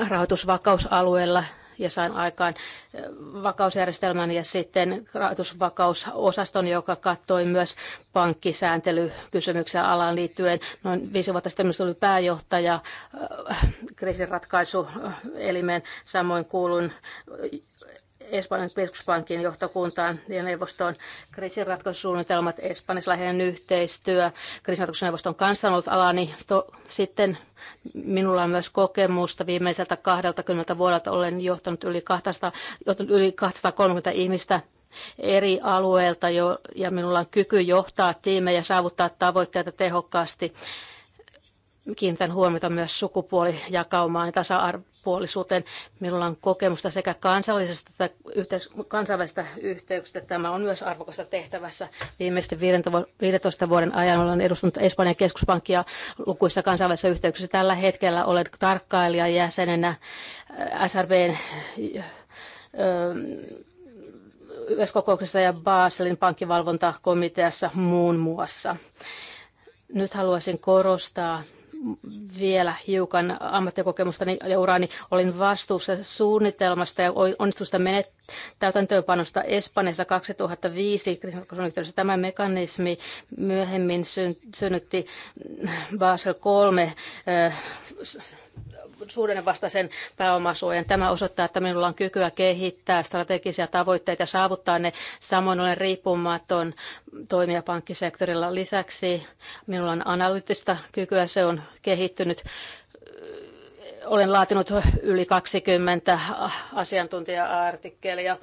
rahoitusvakausalueella ja sain aikaan eh, vakausjärjestelmän ja sitten rahoitusvakausosaston, joka kattoi myös pankkisääntelykysymyksen alaan liittyen. Noin viisi vuotta sitten minusta oli pääjohtaja eh, kriisinratkaisuelimeen, samoin kuulun Espanjan keskuspankin johtokuntaan ja neuvostoon. Kriisinratkaisusuunnitelmat, Espanjassa läheinen yhteistyö, kriisinratkaisuneuvoston kanssa on ollut alani. To, sitten minulla on myös kokemusta viimeiseltä 20 vuodelta. Olen johtanut yli, 200, johtanut yli 230 ihmistä eri alueilta jo, ja minulla on kyky johtaa tiimejä saavuttaa tavoitteita tehokkaasti kiinnitän huomiota myös sukupuolijakaumaan ja tasa-arvoon monipuolisuuteen. Minulla on kokemusta sekä kansallisesta että yhteys, kansainvälisestä yhteyksistä. Tämä on myös arvokasta tehtävässä. Viimeisten 15 vuoden ajan olen edustanut Espanjan keskuspankkia lukuissa kansainvälisissä yhteyksissä. Tällä hetkellä olen jäsenenä äh, SRBn äh, yleiskokouksessa ja Baselin pankkivalvontakomiteassa muun muassa. Nyt haluaisin korostaa vielä hiukan ammattikokemustani ja uraani. Olin vastuussa suunnitelmasta ja onnistusta menet- täytäntöönpanosta Espanjassa 2005. Tämä mekanismi myöhemmin synnytti Basel 3 suhdannevastaisen pääomasuojan. Tämä osoittaa, että minulla on kykyä kehittää strategisia tavoitteita ja saavuttaa ne. Samoin olen riippumaton toimija pankkisektorilla. Lisäksi minulla on analyyttista kykyä, se on kehittynyt olen laatinut yli 20 asiantuntija-artikkelia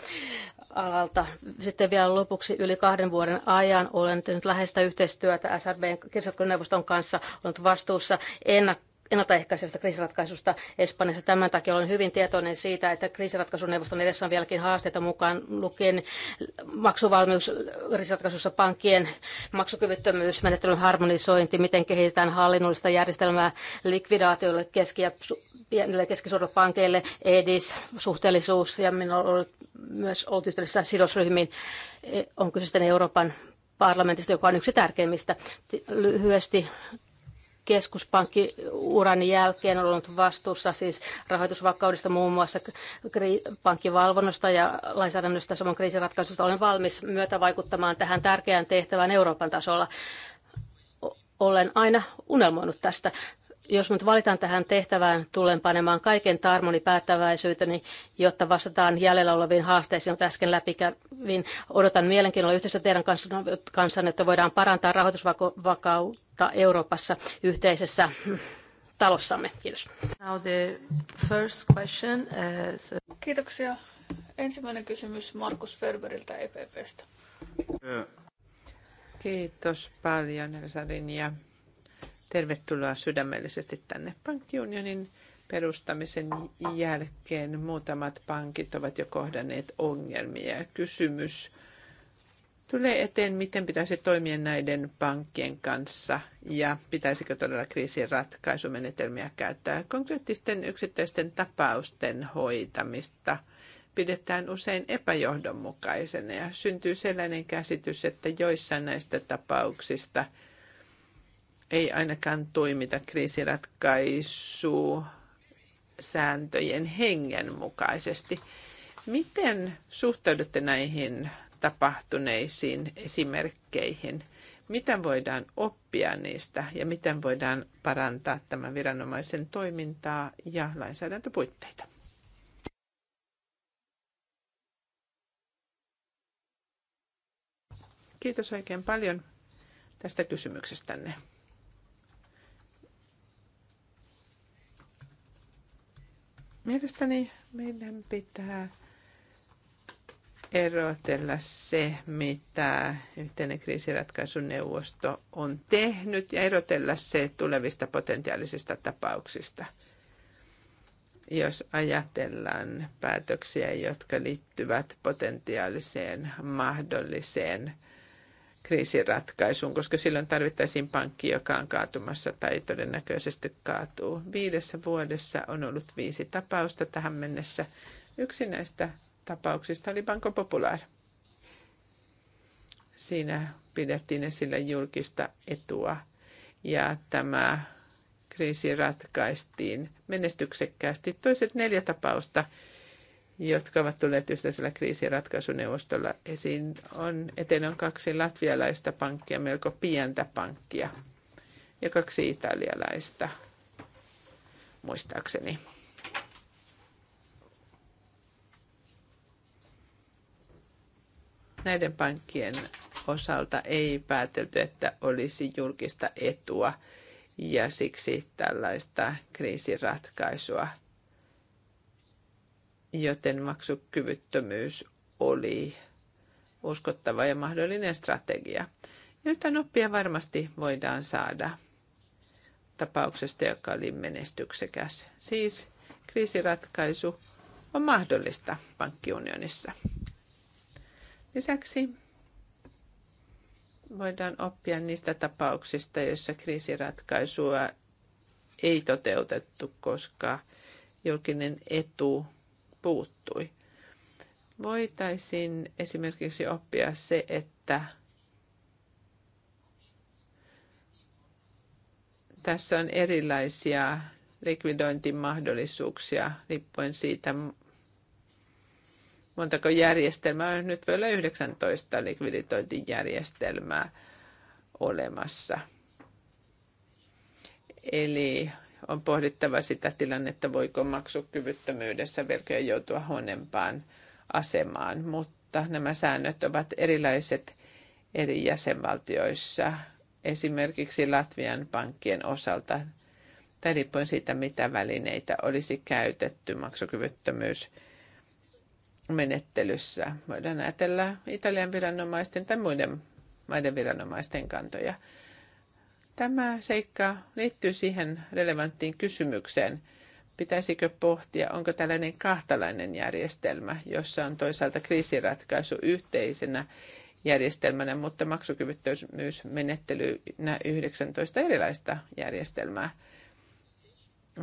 alalta. Sitten vielä lopuksi yli kahden vuoden ajan olen tehnyt läheistä yhteistyötä SRBn kirjastokoneuvoston kanssa, ollut vastuussa ennak- ennaltaehkäisevästä kriisiratkaisusta Espanjassa. Tämän takia olen hyvin tietoinen siitä, että kriisiratkaisuneuvoston edessä on vieläkin haasteita mukaan lukien maksuvalmius kriisiratkaisussa pankkien maksukyvyttömyys, menettelyn harmonisointi, miten kehitetään hallinnollista järjestelmää likvidaatioille keski- ja pienille keskisuurille pankeille, EDIS, suhteellisuus ja minulla on ollut myös ollut yhteydessä sidosryhmiin, eh, on kyse sitten Euroopan parlamentista, joka on yksi tärkeimmistä. Lyhyesti keskuspankkiurani jälkeen olen ollut vastuussa siis rahoitusvakaudesta muun muassa pankkivalvonnasta ja lainsäädännöstä samoin kriisiratkaisusta. Olen valmis myötävaikuttamaan tähän tärkeään tehtävään Euroopan tasolla. Olen aina unelmoinut tästä jos minut valitaan tähän tehtävään, tulen panemaan kaiken tarmoni päättäväisyyteni, jotta vastataan jäljellä oleviin haasteisiin, joita äsken läpikävin. Odotan mielenkiinnolla yhteistyötä teidän kanssa, että voidaan parantaa rahoitusvakautta Euroopassa yhteisessä talossamme. Kiitos. Now the first question, uh, so... Kiitoksia. Ensimmäinen kysymys Markus Ferberiltä EPPstä. Kiitos paljon, Elsarin ja Tervetuloa sydämellisesti tänne pankkiunionin perustamisen jälkeen muutamat pankit ovat jo kohdanneet ongelmia. Kysymys tulee eteen, miten pitäisi toimia näiden pankkien kanssa ja pitäisikö todella kriisin ratkaisumenetelmiä käyttää. Konkreettisten yksittäisten tapausten hoitamista pidetään usein epäjohdonmukaisena ja syntyy sellainen käsitys, että joissain näistä tapauksista – ei ainakaan toimita kriisiratkaisu sääntöjen hengen mukaisesti. Miten suhtaudutte näihin tapahtuneisiin esimerkkeihin? Miten voidaan oppia niistä ja miten voidaan parantaa tämän viranomaisen toimintaa ja lainsäädäntöpuitteita? Kiitos oikein paljon tästä kysymyksestänne. Mielestäni meidän pitää erotella se, mitä yhteinen kriisiratkaisuneuvosto on tehnyt ja erotella se tulevista potentiaalisista tapauksista. Jos ajatellaan päätöksiä, jotka liittyvät potentiaaliseen mahdolliseen kriisiratkaisuun, koska silloin tarvittaisiin pankki, joka on kaatumassa tai todennäköisesti kaatuu. Viidessä vuodessa on ollut viisi tapausta tähän mennessä. Yksi näistä tapauksista oli Banco Popular. Siinä pidettiin esillä julkista etua ja tämä kriisi ratkaistiin menestyksekkäästi. Toiset neljä tapausta – jotka ovat tulleet yhteisellä kriisiratkaisuneuvostolla esiin, on eteen on kaksi latvialaista pankkia, melko pientä pankkia, ja kaksi italialaista, muistaakseni. Näiden pankkien osalta ei päätelty, että olisi julkista etua ja siksi tällaista kriisiratkaisua – joten maksukyvyttömyys oli uskottava ja mahdollinen strategia. Jotain oppia varmasti voidaan saada tapauksesta, joka oli menestyksekäs. Siis kriisiratkaisu on mahdollista pankkiunionissa. Lisäksi voidaan oppia niistä tapauksista, joissa kriisiratkaisua ei toteutettu, koska julkinen etu puuttui. Voitaisiin esimerkiksi oppia se, että tässä on erilaisia likvidointimahdollisuuksia riippuen siitä, montako järjestelmää. Nyt voi olla 19 likviditointijärjestelmää olemassa. Eli on pohdittava sitä tilannetta, voiko maksukyvyttömyydessä velkoja joutua huonempaan asemaan, mutta nämä säännöt ovat erilaiset eri jäsenvaltioissa, esimerkiksi Latvian pankkien osalta, tai riippuen siitä, mitä välineitä olisi käytetty maksukyvyttömyys menettelyssä. Voidaan ajatella Italian viranomaisten tai muiden maiden viranomaisten kantoja – Tämä seikka liittyy siihen relevanttiin kysymykseen, pitäisikö pohtia, onko tällainen kahtalainen järjestelmä, jossa on toisaalta kriisiratkaisu yhteisenä järjestelmänä, mutta maksukyvyttömyysmenettelynä 19 erilaista järjestelmää.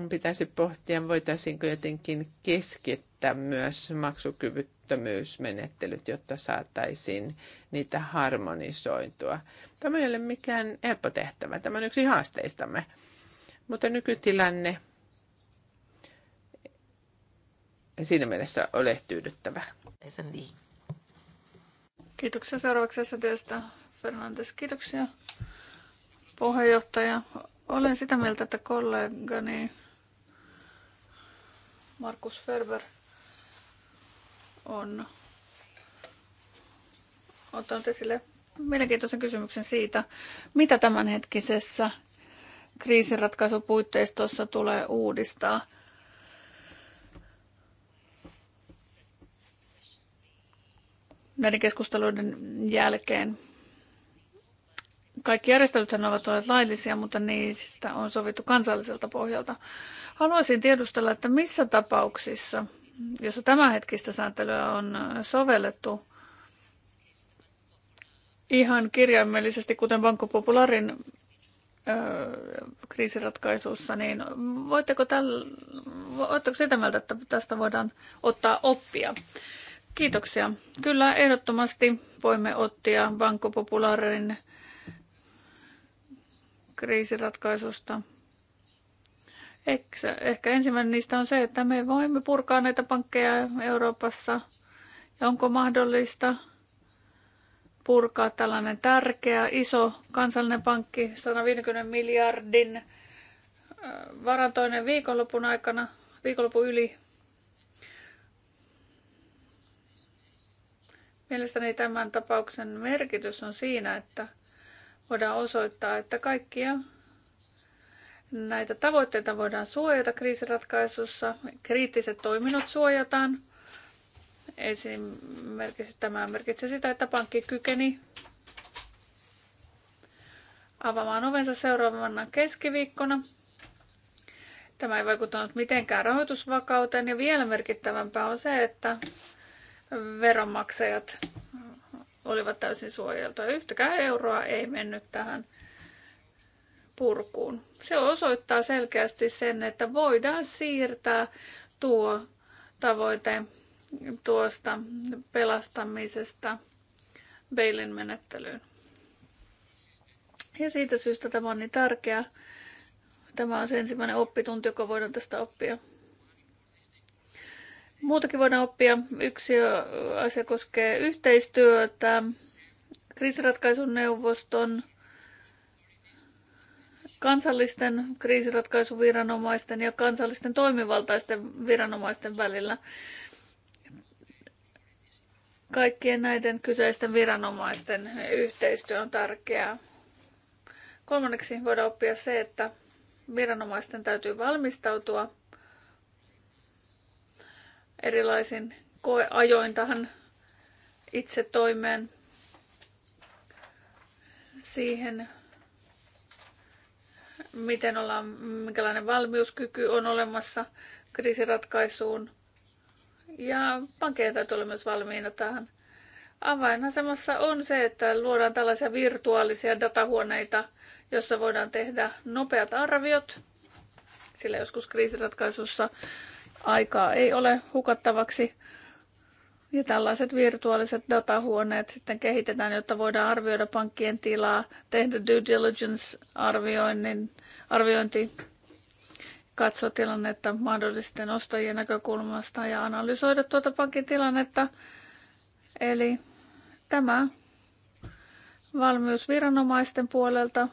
Pitäisi pohtia, voitaisiinko jotenkin keskittää myös maksukyvyt syyttömyysmenettelyt, jotta saataisiin niitä harmonisointua. Tämä ei ole mikään helppo tehtävä, tämä on yksi haasteistamme. Mutta nykytilanne siinä mielessä ole tyydyttävä. niin. Kiitoksia seuraavaksi työstä, Fernandes, kiitoksia puheenjohtaja. Olen sitä mieltä, että kollegani Markus Ferber – on ottanut esille mielenkiintoisen kysymyksen siitä, mitä tämänhetkisessä kriisinratkaisupuitteistossa tulee uudistaa. Näiden keskusteluiden jälkeen kaikki järjestelythän ovat olleet laillisia, mutta niistä on sovittu kansalliselta pohjalta. Haluaisin tiedustella, että missä tapauksissa – jossa tämänhetkistä sääntelyä on sovellettu ihan kirjaimellisesti, kuten Banco Popularin kriisiratkaisussa, niin voitteko, täl, voitteko sitä mieltä, että tästä voidaan ottaa oppia? Kiitoksia. Kyllä ehdottomasti voimme ottia Banco Popularin kriisiratkaisusta Ehkä, ehkä ensimmäinen niistä on se, että me voimme purkaa näitä pankkeja Euroopassa. Ja onko mahdollista purkaa tällainen tärkeä, iso kansallinen pankki, 150 miljardin varantoinen viikonlopun aikana, viikonlopun yli. Mielestäni tämän tapauksen merkitys on siinä, että voidaan osoittaa, että kaikkia Näitä tavoitteita voidaan suojata kriisiratkaisussa. Kriittiset toiminnot suojataan. Esimerkiksi tämä merkitsee sitä, että pankki kykeni avaamaan ovensa seuraavana keskiviikkona. Tämä ei vaikuttanut mitenkään rahoitusvakauteen ja vielä merkittävämpää on se, että veronmaksajat olivat täysin suojeltuja. Yhtäkään euroa ei mennyt tähän purkuun. Se osoittaa selkeästi sen, että voidaan siirtää tuo tavoite tuosta pelastamisesta Beilin menettelyyn. Ja siitä syystä tämä on niin tärkeä. Tämä on se ensimmäinen oppitunti, joka voidaan tästä oppia. Muutakin voidaan oppia. Yksi asia koskee yhteistyötä, kriisiratkaisun neuvoston kansallisten kriisiratkaisuviranomaisten ja kansallisten toimivaltaisten viranomaisten välillä kaikkien näiden kyseisten viranomaisten yhteistyö on tärkeää. Kolmanneksi voidaan oppia se, että viranomaisten täytyy valmistautua erilaisin koeajoin tähän itse toimeen siihen, miten ollaan, minkälainen valmiuskyky on olemassa kriisiratkaisuun. Ja pankkeja täytyy olla myös valmiina tähän. Avainasemassa on se, että luodaan tällaisia virtuaalisia datahuoneita, jossa voidaan tehdä nopeat arviot, sillä joskus kriisiratkaisussa aikaa ei ole hukattavaksi. Ja tällaiset virtuaaliset datahuoneet sitten kehitetään, jotta voidaan arvioida pankkien tilaa, tehdä due diligence-arvioinnin arviointi katsoa tilannetta mahdollisten ostajien näkökulmasta ja analysoida tuota pankin tilannetta. Eli tämä valmius viranomaisten puolelta,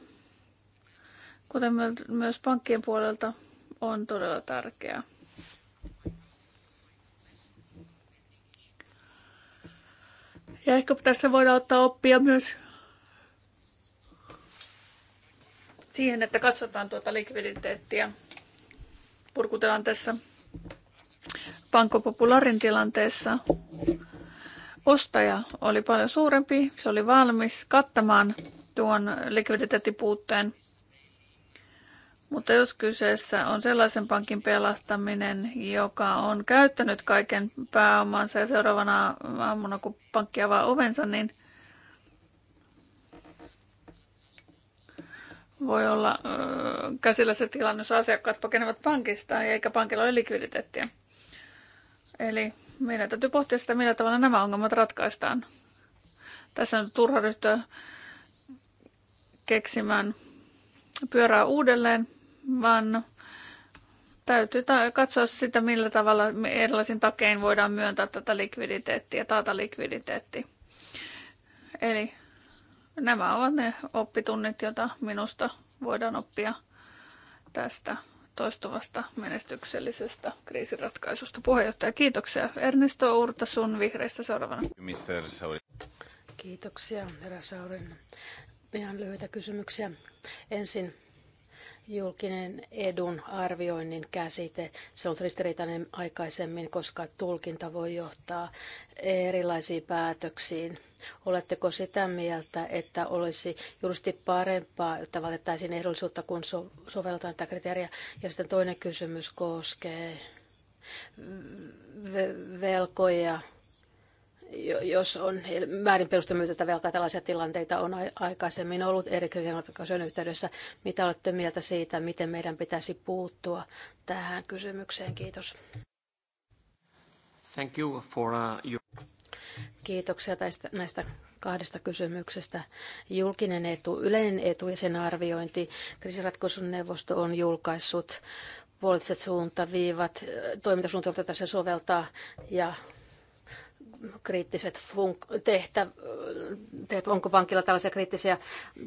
kuten myös pankkien puolelta, on todella tärkeää. Ja ehkä tässä voidaan ottaa oppia myös siihen, että katsotaan tuota likviditeettiä purkutilanteessa. Banco Popularin tilanteessa ostaja oli paljon suurempi, se oli valmis kattamaan tuon likviditeettipuutteen. Mutta jos kyseessä on sellaisen pankin pelastaminen, joka on käyttänyt kaiken pääomansa ja seuraavana aamuna kun pankki avaa ovensa, niin voi olla käsillä se tilanne, jos asiakkaat pakenevat pankista eikä pankilla ole likviditeettiä. Eli meidän täytyy pohtia sitä, millä tavalla nämä ongelmat ratkaistaan. Tässä on turha ryhtyä keksimään pyörää uudelleen, vaan täytyy katsoa sitä, millä tavalla erilaisin takein voidaan myöntää tätä likviditeettiä, taata likviditeetti. Eli Nämä ovat ne oppitunnit, joita minusta voidaan oppia tästä toistuvasta menestyksellisestä kriisiratkaisusta. Puheenjohtaja, kiitoksia. Ernesto Urta sun vihreistä seuraavana. Mr. Kiitoksia, herra Saurin. Ihan lyhyitä kysymyksiä. Ensin julkinen edun arvioinnin käsite. Se on ristiriitainen aikaisemmin, koska tulkinta voi johtaa erilaisiin päätöksiin. Oletteko sitä mieltä, että olisi juuri parempaa, että vältettäisiin ehdollisuutta, kun so- sovelletaan tätä kriteeriä? Ja sitten toinen kysymys koskee velkoja jos on väärin perustamyytetä velkaa, tällaisia tilanteita on aikaisemmin ollut eri kriisinratkaisujen yhteydessä. Mitä olette mieltä siitä, miten meidän pitäisi puuttua tähän kysymykseen? Kiitos. Thank you for, uh, your... Kiitoksia tästä, näistä kahdesta kysymyksestä. Julkinen etu, yleinen etu ja sen arviointi. Kriisiratkaisun neuvosto on julkaissut poliittiset suuntaviivat, eh, toimintasuuntaviivat joita se soveltaa, ja kriittiset funk- tehtäv- tehtä- onko pankilla tällaisia kriittisiä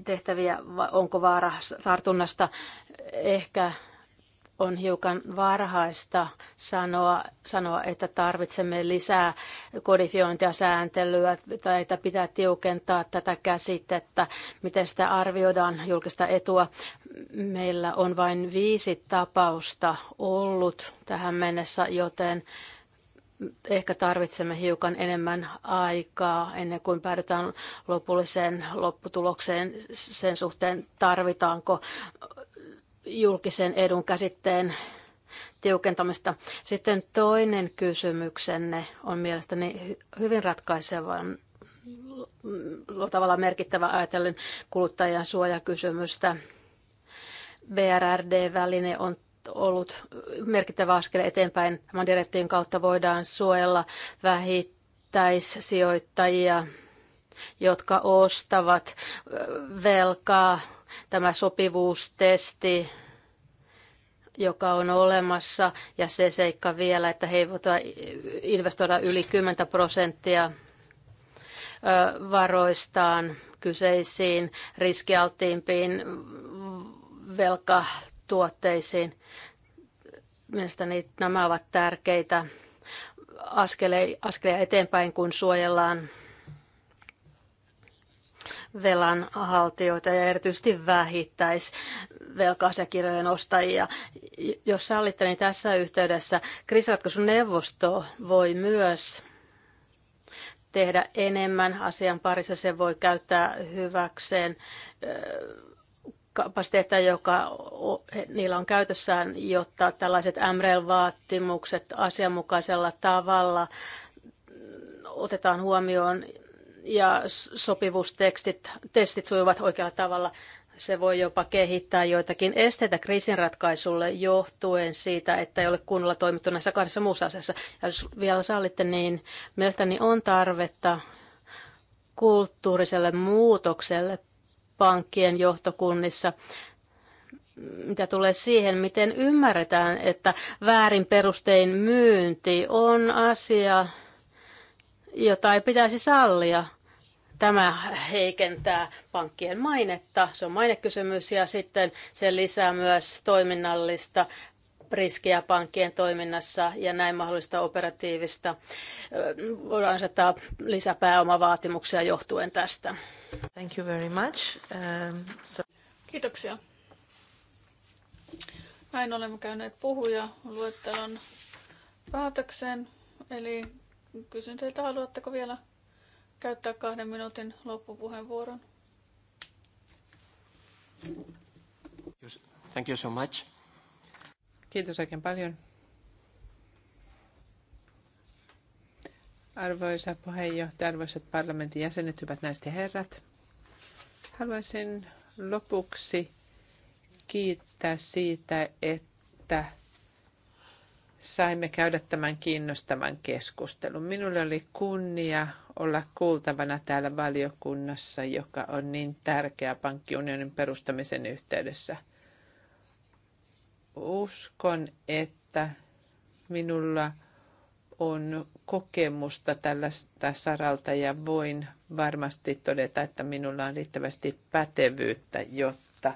tehtäviä, vai onko vaara tartunnasta. Ehkä on hiukan varhaista sanoa, sanoa, että tarvitsemme lisää kodifiointia, sääntelyä tai että pitää tiukentaa tätä käsitettä, miten sitä arvioidaan julkista etua. Meillä on vain viisi tapausta ollut tähän mennessä, joten ehkä tarvitsemme hiukan enemmän aikaa ennen kuin päädytään lopulliseen lopputulokseen sen suhteen, tarvitaanko julkisen edun käsitteen tiukentamista. Sitten toinen kysymyksenne on mielestäni hyvin ratkaisevan tavalla merkittävä ajatellen kuluttajan suojakysymystä. BRRD-väline on ollut merkittävä askel eteenpäin. Tämän direktiivin kautta voidaan suojella vähittäissijoittajia, jotka ostavat velkaa. Tämä sopivuustesti, joka on olemassa, ja se seikka vielä, että he eivät investoida yli 10 prosenttia varoistaan kyseisiin riskialtiimpiin velka tuotteisiin. Mielestäni nämä ovat tärkeitä askelia eteenpäin, kun suojellaan velanhaltijoita ja erityisesti vähittäis velkaasiakirjojen ostajia. Jos sallitte, niin tässä yhteydessä neuvosto voi myös tehdä enemmän asian parissa. Se voi käyttää hyväkseen kapasiteettia, joka niillä on käytössään, jotta tällaiset MREL-vaatimukset asianmukaisella tavalla otetaan huomioon ja sopivuustekstit testit sujuvat oikealla tavalla. Se voi jopa kehittää joitakin esteitä kriisinratkaisulle johtuen siitä, että ei ole kunnolla toimittu näissä kahdessa muussa asiassa. Ja jos vielä sallitte, niin mielestäni on tarvetta kulttuuriselle muutokselle pankkien johtokunnissa mitä tulee siihen, miten ymmärretään, että väärin perustein myynti on asia, jota ei pitäisi sallia. Tämä heikentää pankkien mainetta, se on mainekysymys ja sitten se lisää myös toiminnallista riskejä pankkien toiminnassa ja näin mahdollista operatiivista voidaan asettaa lisäpääomavaatimuksia johtuen tästä. Thank you very much. Um, so... Kiitoksia. Näin olemme käyneet puhuja luettelon päätökseen. Eli kysyn teiltä, haluatteko vielä käyttää kahden minuutin loppupuheenvuoron? Thank you so much. Kiitos oikein paljon. Arvoisa puheenjohtaja, arvoisat parlamentin jäsenet, hyvät naiset ja herrat. Haluaisin lopuksi kiittää siitä, että saimme käydä tämän kiinnostavan keskustelun. Minulle oli kunnia olla kuultavana täällä valiokunnassa, joka on niin tärkeä pankkiunionin perustamisen yhteydessä – uskon, että minulla on kokemusta tällaista saralta ja voin varmasti todeta, että minulla on riittävästi pätevyyttä, jotta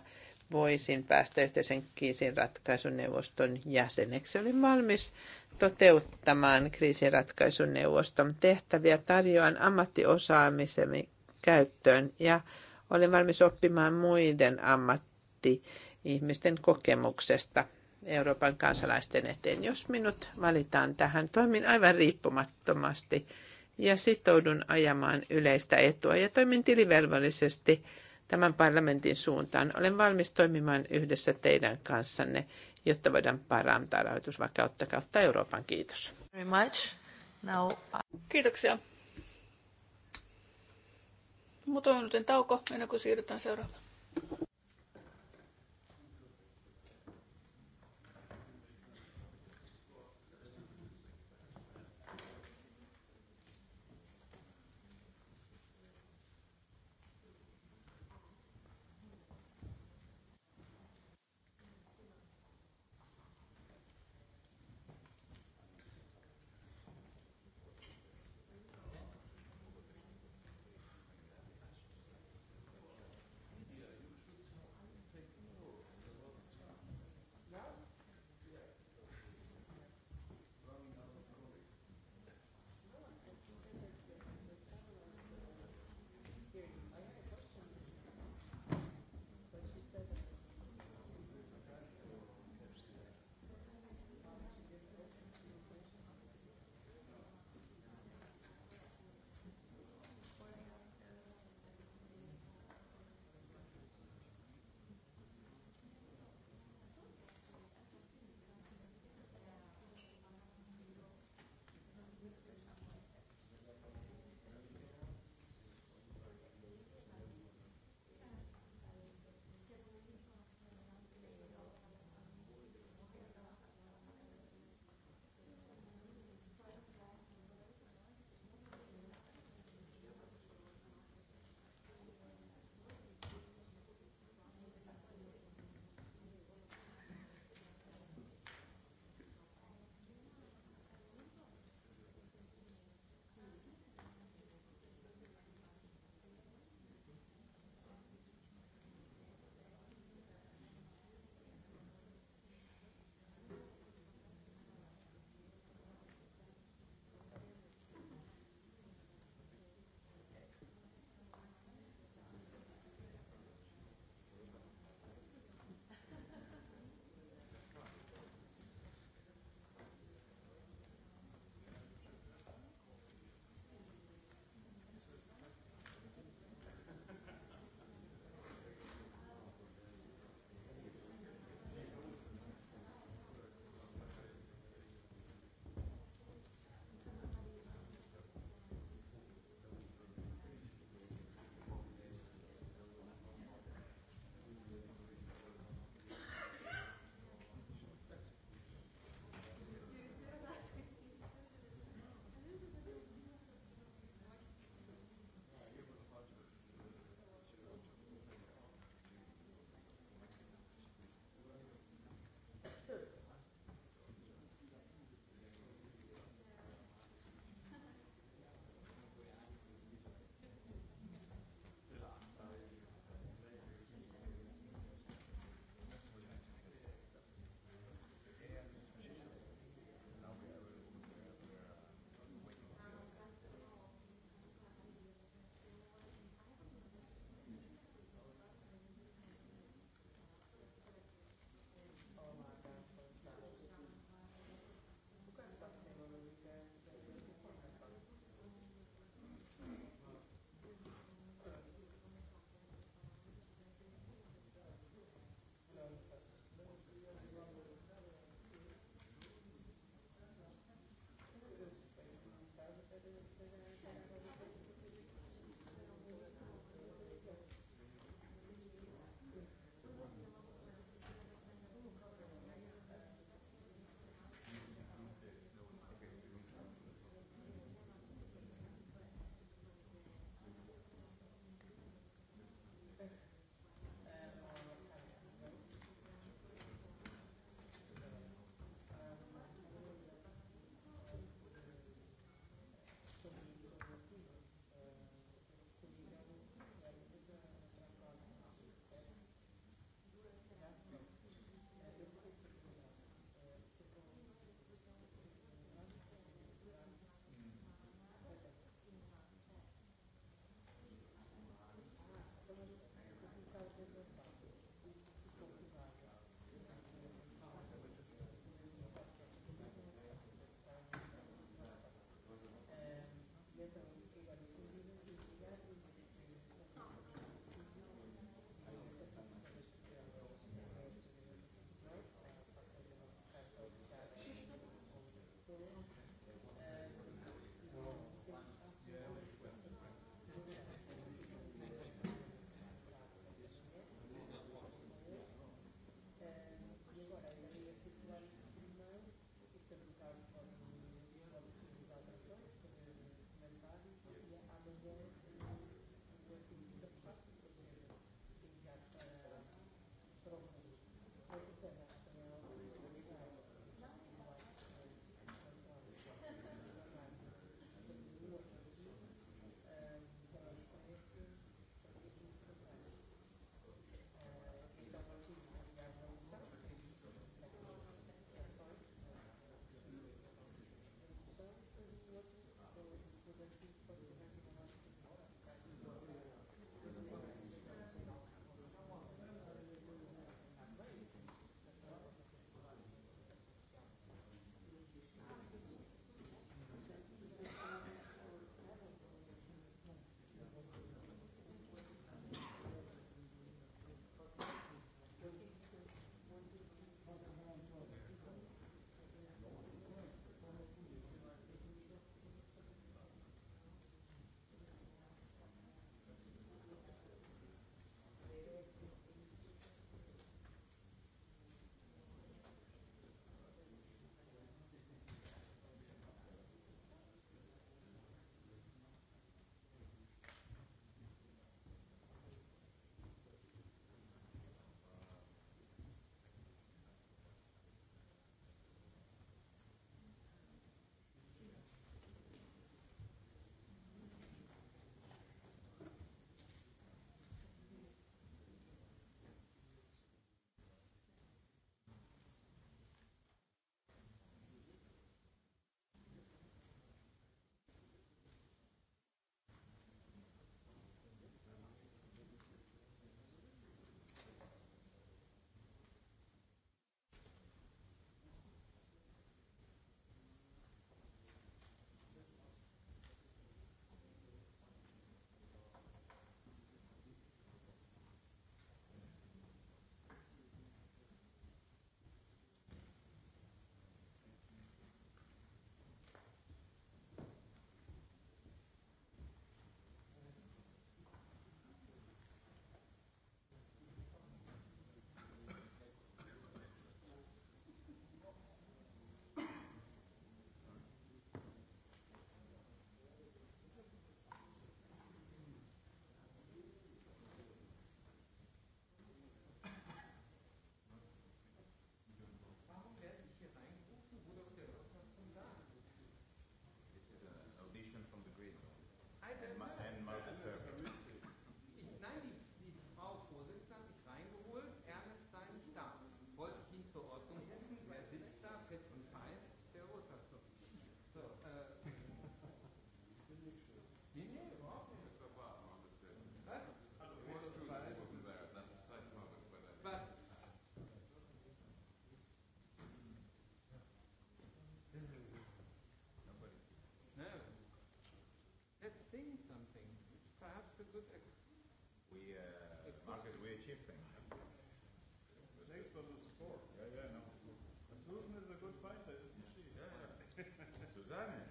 voisin päästä yhteisen kriisin ratkaisuneuvoston jäseneksi. Olin valmis toteuttamaan kriisinratkaisuneuvoston tehtäviä, tarjoan ammattiosaamiseni käyttöön ja olen valmis oppimaan muiden ammatti ihmisten kokemuksesta Euroopan kansalaisten eteen. Jos minut valitaan tähän, toimin aivan riippumattomasti ja sitoudun ajamaan yleistä etua ja toimin tilivelvollisesti tämän parlamentin suuntaan. Olen valmis toimimaan yhdessä teidän kanssanne, jotta voidaan parantaa rahoitusvakautta kautta Euroopan. Kiitos. Very much. Now... Kiitoksia. Muutama minuutin tauko ennen kuin siirrytään seuraavaan. We, uh, Marcus, we achieved things. Thanks for the support. Yeah, yeah, no. And Susan is a good fighter, isn't she? Yeah, yeah. Susanne.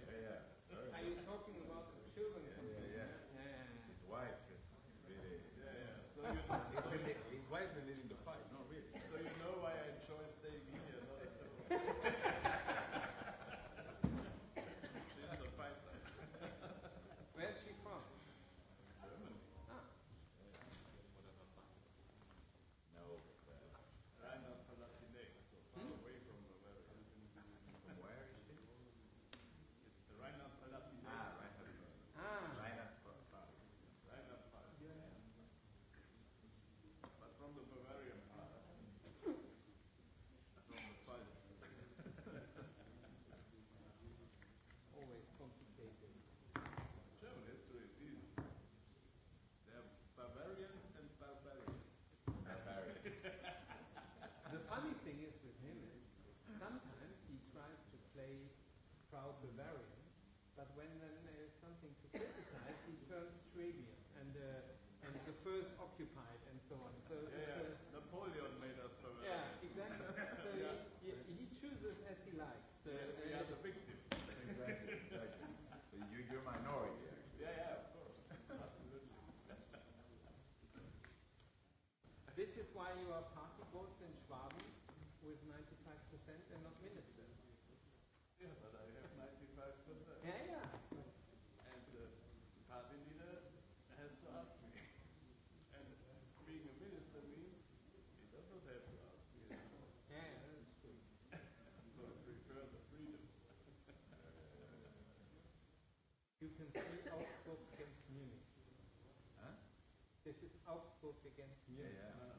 first occupied and so on. So, yeah, yeah. So Napoleon made us permanent. Yeah, exactly. So yeah. He, he chooses as he likes. So yeah, we are the victim. exactly, exactly. So you, you're minority, actually. Yeah, yeah, of course. Absolutely. this is why you are party votes in Schwaben with 95% and not minister. Yeah, but I have cool Yeah, yeah.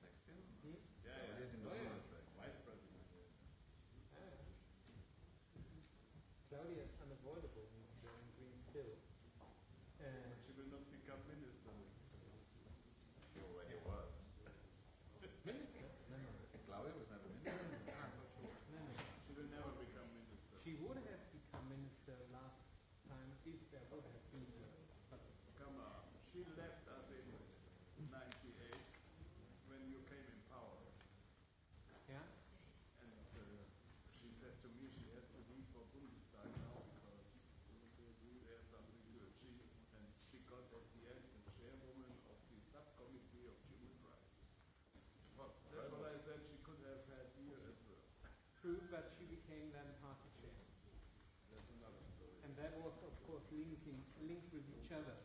linking, link with each other.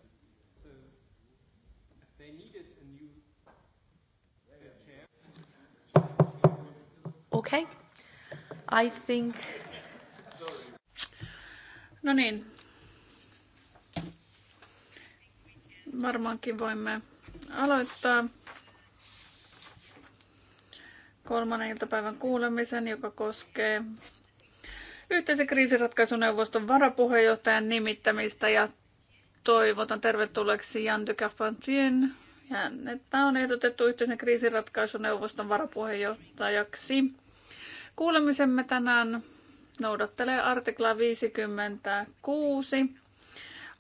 So they needed a new chair. Okay. I think... No niin. Varmaankin voimme aloittaa kolmannen iltapäivän kuulemisen, joka koskee yhteisen kriisiratkaisuneuvoston varapuheenjohtajan nimittämistä ja toivotan tervetulleeksi Jan de Carpentien. Hänettä on ehdotettu yhteisen kriisiratkaisuneuvoston varapuheenjohtajaksi. Kuulemisemme tänään noudattelee artikla 56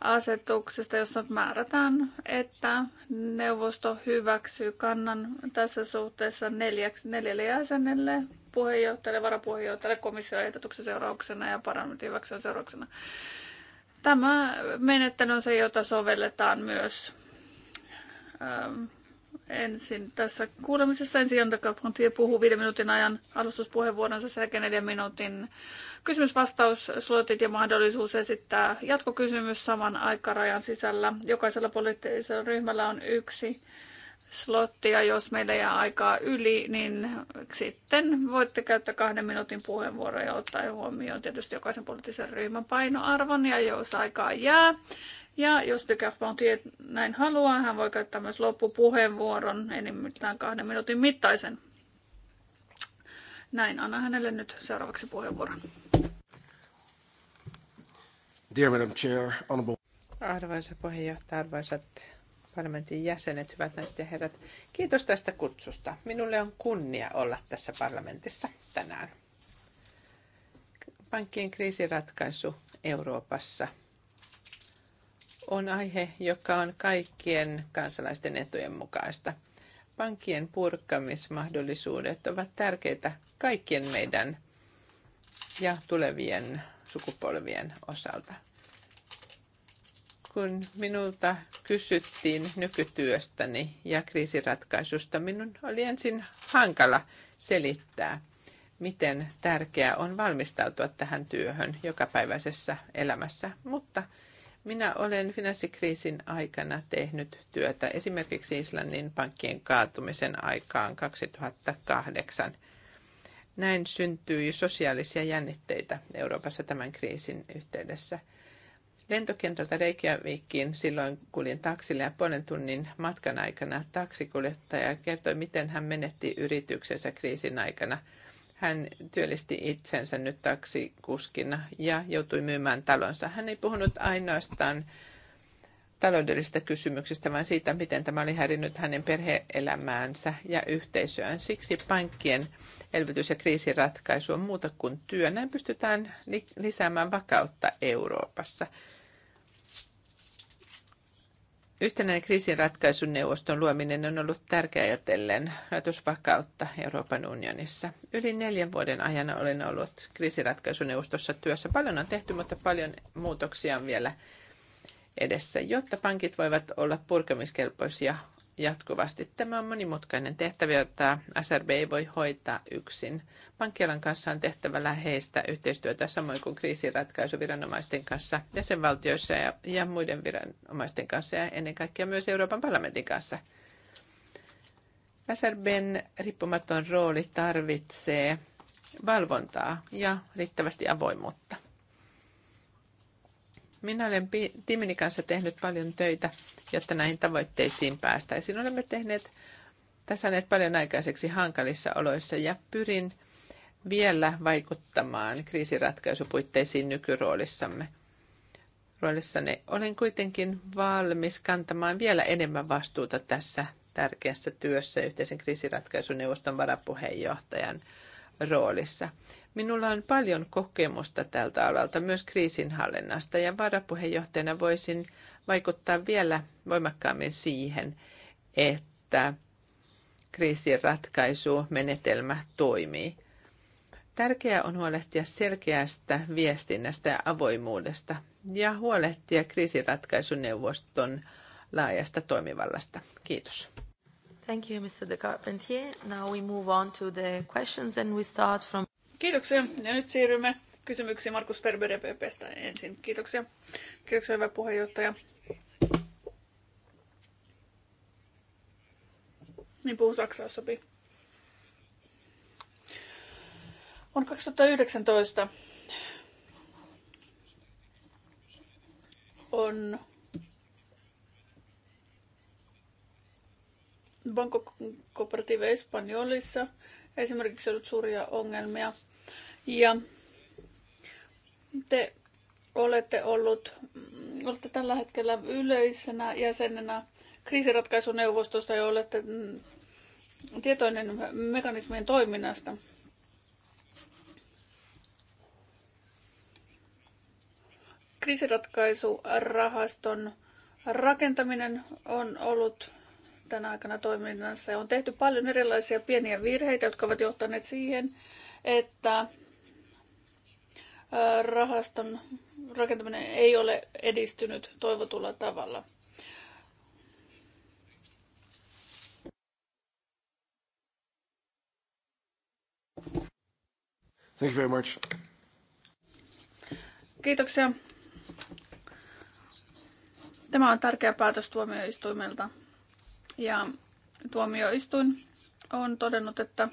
asetuksesta, jossa määrätään, että neuvosto hyväksyy kannan tässä suhteessa neljäksi, neljälle jäsenelle puheenjohtajalle, varapuheenjohtajalle komission ehdotuksen seurauksena ja parlamentin hyväksyn seurauksena. Tämä menettely on se, jota sovelletaan myös ähm, ensin tässä kuulemisessa. Ensin Jantaka Frontier puhuu viiden minuutin ajan alustuspuheenvuoronsa, sen jälkeen neljän minuutin kysymysvastaus, slotit ja mahdollisuus esittää jatkokysymys saman aikarajan sisällä. Jokaisella poliittisella ryhmällä on yksi slottia. Jos meillä jää aikaa yli, niin sitten voitte käyttää kahden minuutin puheenvuoroja ottaen huomioon tietysti jokaisen poliittisen ryhmän painoarvon ja jos aikaa jää. Ja jos Dykerpon näin haluaa, hän voi käyttää myös loppupuheenvuoron, enimmillään kahden minuutin mittaisen. Näin, anna hänelle nyt seuraavaksi puheenvuoron. Dear Madam Chair, Honorable... Arvoisa puheenjohtaja, arvoisat parlamentin jäsenet, hyvät naiset ja herrat. Kiitos tästä kutsusta. Minulle on kunnia olla tässä parlamentissa tänään. Pankkien kriisiratkaisu Euroopassa on aihe, joka on kaikkien kansalaisten etujen mukaista. Pankkien purkamismahdollisuudet ovat tärkeitä kaikkien meidän ja tulevien sukupolvien osalta kun minulta kysyttiin nykytyöstäni ja kriisiratkaisusta, minun oli ensin hankala selittää, miten tärkeää on valmistautua tähän työhön jokapäiväisessä elämässä. Mutta minä olen finanssikriisin aikana tehnyt työtä esimerkiksi Islannin pankkien kaatumisen aikaan 2008. Näin syntyi sosiaalisia jännitteitä Euroopassa tämän kriisin yhteydessä – lentokentältä Reykjavikiin silloin kuljin taksille ja puolen tunnin matkan aikana taksikuljettaja kertoi, miten hän menetti yrityksensä kriisin aikana. Hän työllisti itsensä nyt taksikuskina ja joutui myymään talonsa. Hän ei puhunut ainoastaan taloudellisista kysymyksistä, vaan siitä, miten tämä oli häirinnyt hänen perheelämäänsä ja yhteisöään. Siksi pankkien elvytys- ja kriisiratkaisu on muuta kuin työ. Näin pystytään lisäämään vakautta Euroopassa. Yhtenäinen kriisinratkaisuneuvoston luominen on ollut tärkeä ajatellen rahoitusvakautta Euroopan unionissa. Yli neljän vuoden ajan olen ollut kriisinratkaisuneuvostossa työssä. Paljon on tehty, mutta paljon muutoksia on vielä edessä, jotta pankit voivat olla purkamiskelpoisia jatkuvasti. Tämä on monimutkainen tehtävä, jota SRB ei voi hoitaa yksin. Pankkialan kanssa on tehtävä läheistä yhteistyötä samoin kuin kriisiratkaisuviranomaisten kanssa, jäsenvaltioissa ja, ja muiden viranomaisten kanssa ja ennen kaikkea myös Euroopan parlamentin kanssa. SRBn riippumaton rooli tarvitsee valvontaa ja riittävästi avoimuutta. Minä olen Timini kanssa tehnyt paljon töitä, jotta näihin tavoitteisiin päästäisiin. Olemme tehneet tässä nyt paljon aikaiseksi hankalissa oloissa ja pyrin vielä vaikuttamaan kriisiratkaisupuitteisiin nykyroolissamme. Roolissani olen kuitenkin valmis kantamaan vielä enemmän vastuuta tässä tärkeässä työssä yhteisen kriisiratkaisuneuvoston varapuheenjohtajan roolissa. Minulla on paljon kokemusta tältä alalta, myös kriisinhallinnasta, ja varapuheenjohtajana voisin vaikuttaa vielä voimakkaammin siihen, että kriisin toimii. Tärkeää on huolehtia selkeästä viestinnästä ja avoimuudesta ja huolehtia kriisinratkaisuneuvoston laajasta toimivallasta. Kiitos. Thank you, Mr. de Carpentier. Now we move on to the questions and we start from Kiitoksia. Ja nyt siirrymme kysymyksiin Markus Perber PPstä ensin. Kiitoksia. Kiitoksia, hyvä puheenjohtaja. Niin puhun saksaa, sopii. On 2019 on Banco Cooperative Españolissa esimerkiksi ollut suuria ongelmia. Ja te olette ollut, olette tällä hetkellä yleisenä jäsenenä kriisiratkaisuneuvostosta ja olette mm, tietoinen mekanismien toiminnasta. Kriisiratkaisurahaston rakentaminen on ollut tänä aikana toiminnassa. Ja on tehty paljon erilaisia pieniä virheitä, jotka ovat johtaneet siihen, että rahaston rakentaminen ei ole edistynyt toivotulla tavalla. Thank you very much. Kiitoksia. Tämä on tärkeä päätös tuomioistuimelta. Ja tuomioistuin on todennut, että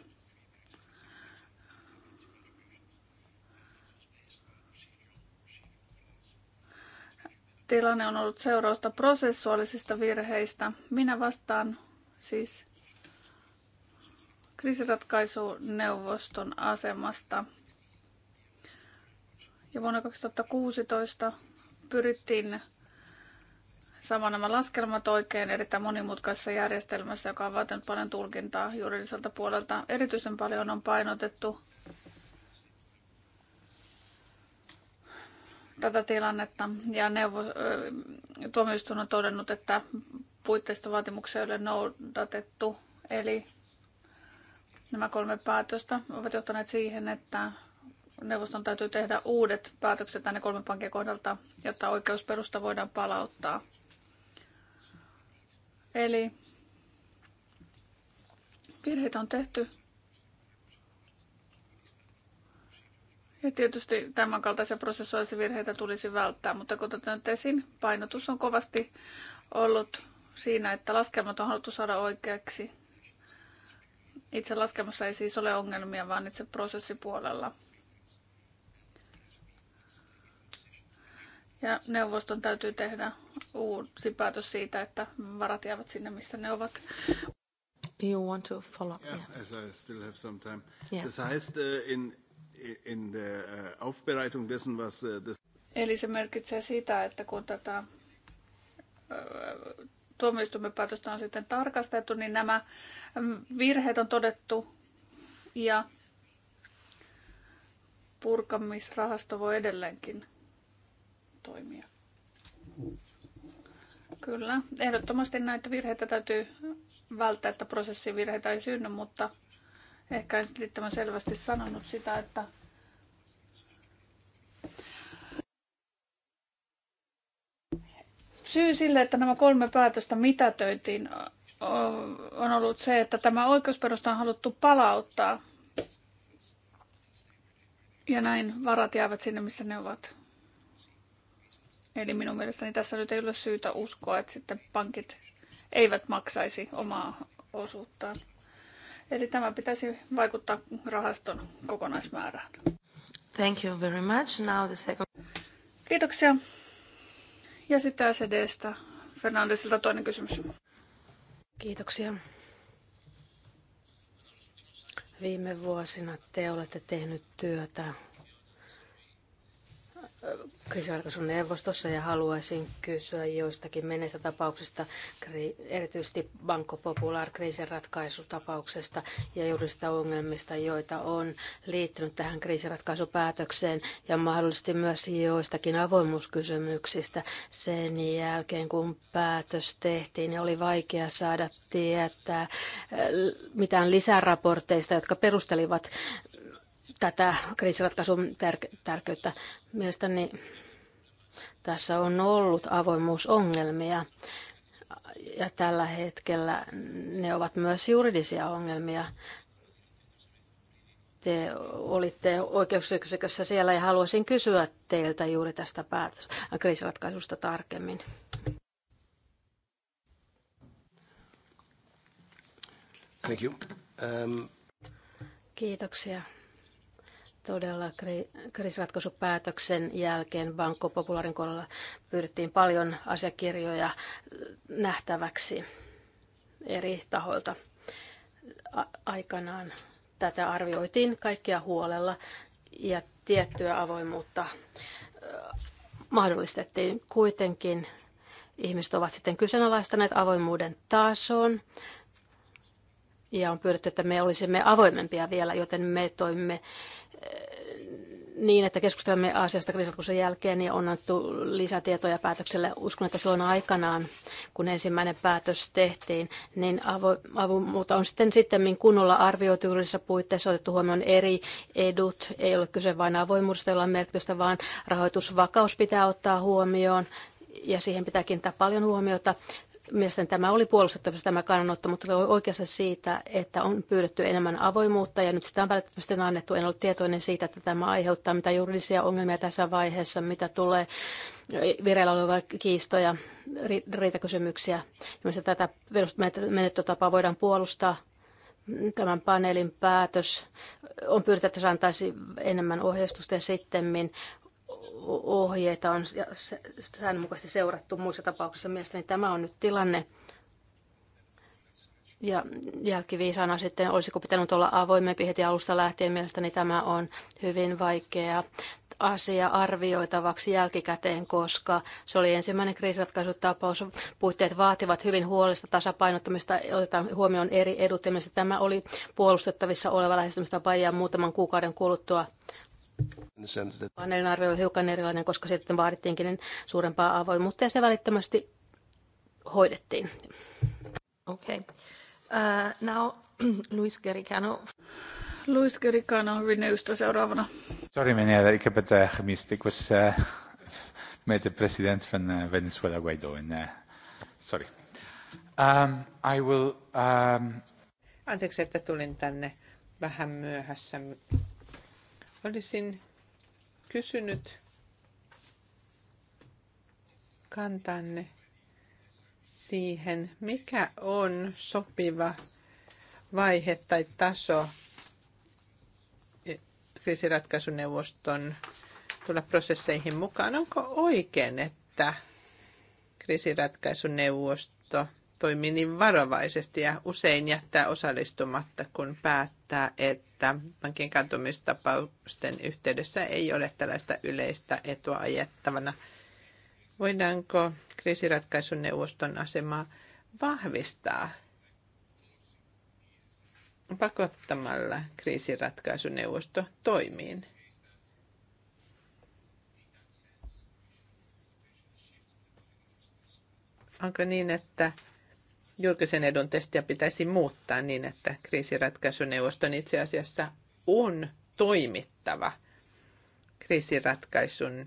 tilanne on ollut seurausta prosessuaalisista virheistä. Minä vastaan siis kriisiratkaisuneuvoston asemasta. Ja vuonna 2016 pyrittiin sama nämä laskelmat oikein erittäin monimutkaisessa järjestelmässä, joka on vaatinut paljon tulkintaa juridiselta puolelta. Erityisen paljon on painotettu tätä tilannetta ja neuvo, tuomioistuin on todennut, että puitteista vaatimuksia ei ole noudatettu. Eli nämä kolme päätöstä ovat johtaneet siihen, että neuvoston täytyy tehdä uudet päätökset tänne kolmen pankin kohdalta, jotta oikeusperusta voidaan palauttaa. Eli virheitä on tehty. Ja tietysti tämänkaltaisia prosessuaalisia virheitä tulisi välttää, mutta kuten nyt esiin, painotus on kovasti ollut siinä, että laskelmat on haluttu saada oikeaksi. Itse laskemassa ei siis ole ongelmia, vaan itse prosessipuolella. Ja neuvoston täytyy tehdä uusi päätös siitä, että varat jäävät sinne, missä ne ovat. You want to follow up? Yeah, yeah. as I still have some time. Yes. Das heißt, äh, in, in the äh, Aufbereitung dessen, was this... Äh, Eli se merkitsee sitä, että kun tätä tuomioistuimen päätöstä on sitten tarkastettu, niin nämä virheet on todettu ja purkamisrahasto voi edelleenkin toimia. Kyllä, ehdottomasti näitä virheitä täytyy välttää, että prosessin virheitä ei synny, mutta ehkä en riittävän selvästi sanonut sitä, että syy sille, että nämä kolme päätöstä mitätöitiin, on ollut se, että tämä oikeusperusta on haluttu palauttaa. Ja näin varat jäävät sinne, missä ne ovat. Eli minun mielestäni tässä nyt ei ole syytä uskoa, että sitten pankit eivät maksaisi omaa osuuttaan. Eli tämä pitäisi vaikuttaa rahaston kokonaismäärään. Thank you very much. Now the second... Kiitoksia. Ja sitten SEDstä Fernandesilta toinen kysymys. Kiitoksia. Viime vuosina te olette tehnyt työtä kriisiratkaisun neuvostossa ja haluaisin kysyä joistakin menneistä tapauksista, erityisesti Banco Popular kriisinratkaisutapauksesta ja juurista ongelmista, joita on liittynyt tähän kriisiratkaisupäätökseen ja mahdollisesti myös joistakin avoimuuskysymyksistä sen jälkeen, kun päätös tehtiin ja niin oli vaikea saada tietää eh, mitään lisäraporteista, jotka perustelivat tätä kriisiratkaisun tär- tärkeyttä. Mielestäni tässä on ollut avoimuusongelmia ja tällä hetkellä ne ovat myös juridisia ongelmia. Te olitte oikeusyksikössä siellä ja haluaisin kysyä teiltä juuri tästä päätös- kriisiratkaisusta tarkemmin. Thank you. Um... Kiitoksia. Todella kriisiratkaisupäätöksen jälkeen Banco Popularin kohdalla pyydettiin paljon asiakirjoja nähtäväksi eri tahoilta. A- aikanaan tätä arvioitiin kaikkia huolella ja tiettyä avoimuutta mahdollistettiin. Kuitenkin ihmiset ovat sitten kyseenalaistaneet avoimuuden tasoon ja on pyydetty, että me olisimme avoimempia vielä, joten me toimimme niin, että keskustelemme asiasta kriisilukuisen jälkeen, niin on annettu lisätietoja päätökselle. Uskon, että silloin aikanaan, kun ensimmäinen päätös tehtiin, niin avumuuta on sitten sitten kunnolla arvioitu yhdessä puitteissa otettu huomioon eri edut. Ei ole kyse vain avoimuudesta, jolla on merkitystä, vaan rahoitusvakaus pitää ottaa huomioon ja siihen pitää kiinnittää paljon huomiota. Mielestäni tämä oli puolustettavissa tämä kannanotto, mutta oli oikeassa siitä, että on pyydetty enemmän avoimuutta ja nyt sitä on välttämättä annettu. En ollut tietoinen siitä, että tämä aiheuttaa mitä juridisia ongelmia tässä vaiheessa, mitä tulee vireillä olevia kiistoja, riitakysymyksiä. Mielestäni tätä menettötapaa voidaan puolustaa. Tämän paneelin päätös on pyydetty että se antaisi enemmän ohjeistusta ja sitten ohjeita on säännönmukaisesti seurattu muissa tapauksissa. Mielestäni tämä on nyt tilanne. Ja jälkiviisana sitten, olisiko pitänyt olla avoimempi heti alusta lähtien, mielestäni tämä on hyvin vaikea asia arvioitavaksi jälkikäteen, koska se oli ensimmäinen kriisiratkaisutapaus. Puitteet vaativat hyvin huolesta tasapainottamista, otetaan huomioon eri edut. tämä oli puolustettavissa oleva lähestymistapa ja muutaman kuukauden kuluttua Paneelin arvio oli hiukan erilainen, koska sitten vaadittiinkin niin suurempaa avoimuutta ja se välittömästi hoidettiin. Okei. Okay. Uh, now Luis Gericano. Luis Gericano Renewsta seuraavana. Sorry meneer, ik heb het uh, gemist. Ik was uh, äh, met de president van uh, äh, Venezuela Guaido. En, uh, äh, sorry. Um, I will... Um... Anteeksi, että tulin tänne vähän myöhässä. Olisin kysynyt kantanne siihen, mikä on sopiva vaihe tai taso kriisiratkaisuneuvoston tulla prosesseihin mukaan. Onko oikein, että kriisiratkaisuneuvosto toimii niin varovaisesti ja usein jättää osallistumatta, kun päättää sitä, että pankin kantumistapausten yhteydessä ei ole tällaista yleistä etua ajettavana. Voidaanko kriisiratkaisuneuvoston asemaa vahvistaa pakottamalla kriisiratkaisuneuvosto toimiin? Onko niin, että julkisen edun testiä pitäisi muuttaa niin, että kriisiratkaisuneuvoston itse asiassa on toimittava kriisiratkaisun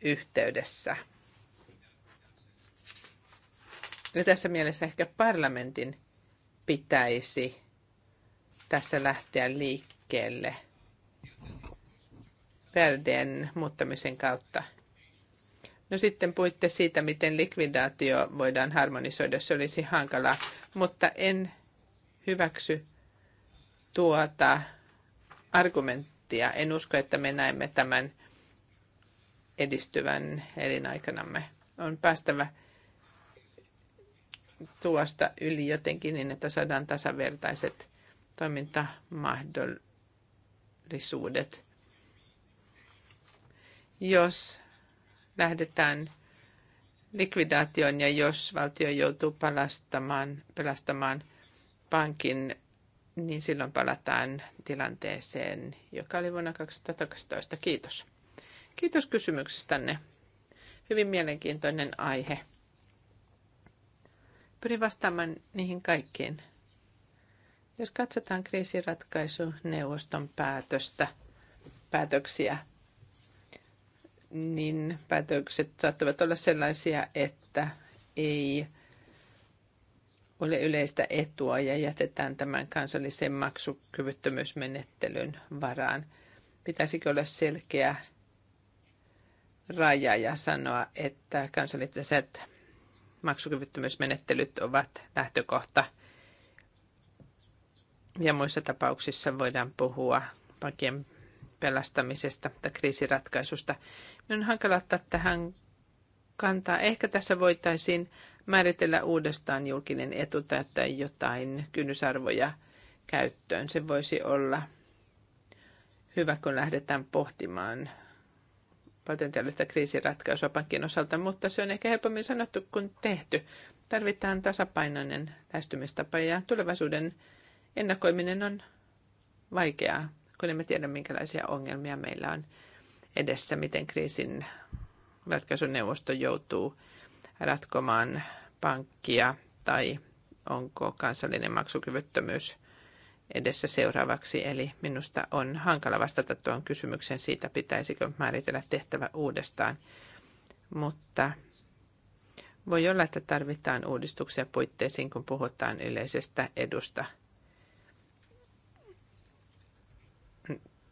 yhteydessä. Ja tässä mielessä ehkä parlamentin pitäisi tässä lähteä liikkeelle Verden muuttamisen kautta. No sitten puhuitte siitä, miten likvidaatio voidaan harmonisoida. Se olisi hankalaa, mutta en hyväksy tuota argumenttia. En usko, että me näemme tämän edistyvän elinaikanamme. On päästävä tuosta yli jotenkin niin, että saadaan tasavertaiset toimintamahdollisuudet. Jos lähdetään likvidaation ja jos valtio joutuu pelastamaan, pelastamaan pankin, niin silloin palataan tilanteeseen, joka oli vuonna 2012. Kiitos. Kiitos kysymyksestänne. Hyvin mielenkiintoinen aihe. Pyrin vastaamaan niihin kaikkiin. Jos katsotaan kriisiratkaisuneuvoston päätöstä, päätöksiä – niin päätökset saattavat olla sellaisia, että ei ole yleistä etua ja jätetään tämän kansallisen maksukyvyttömyysmenettelyn varaan. Pitäisikö olla selkeä raja ja sanoa, että kansalliset maksukyvyttömyysmenettelyt ovat lähtökohta ja muissa tapauksissa voidaan puhua pankien pelastamisesta tai kriisiratkaisusta. Minun on hankala ottaa tähän kantaa. Ehkä tässä voitaisiin määritellä uudestaan julkinen etu tai jotain kynnysarvoja käyttöön. Se voisi olla hyvä, kun lähdetään pohtimaan potentiaalista kriisiratkaisua pankin osalta, mutta se on ehkä helpommin sanottu kuin tehty. Tarvitaan tasapainoinen lähestymistapa ja tulevaisuuden ennakoiminen on vaikeaa kun emme tiedä, minkälaisia ongelmia meillä on edessä, miten kriisin ratkaisuneuvosto joutuu ratkomaan pankkia tai onko kansallinen maksukyvyttömyys edessä seuraavaksi. Eli minusta on hankala vastata tuon kysymykseen siitä, pitäisikö määritellä tehtävä uudestaan. Mutta voi olla, että tarvitaan uudistuksia puitteisiin, kun puhutaan yleisestä edusta –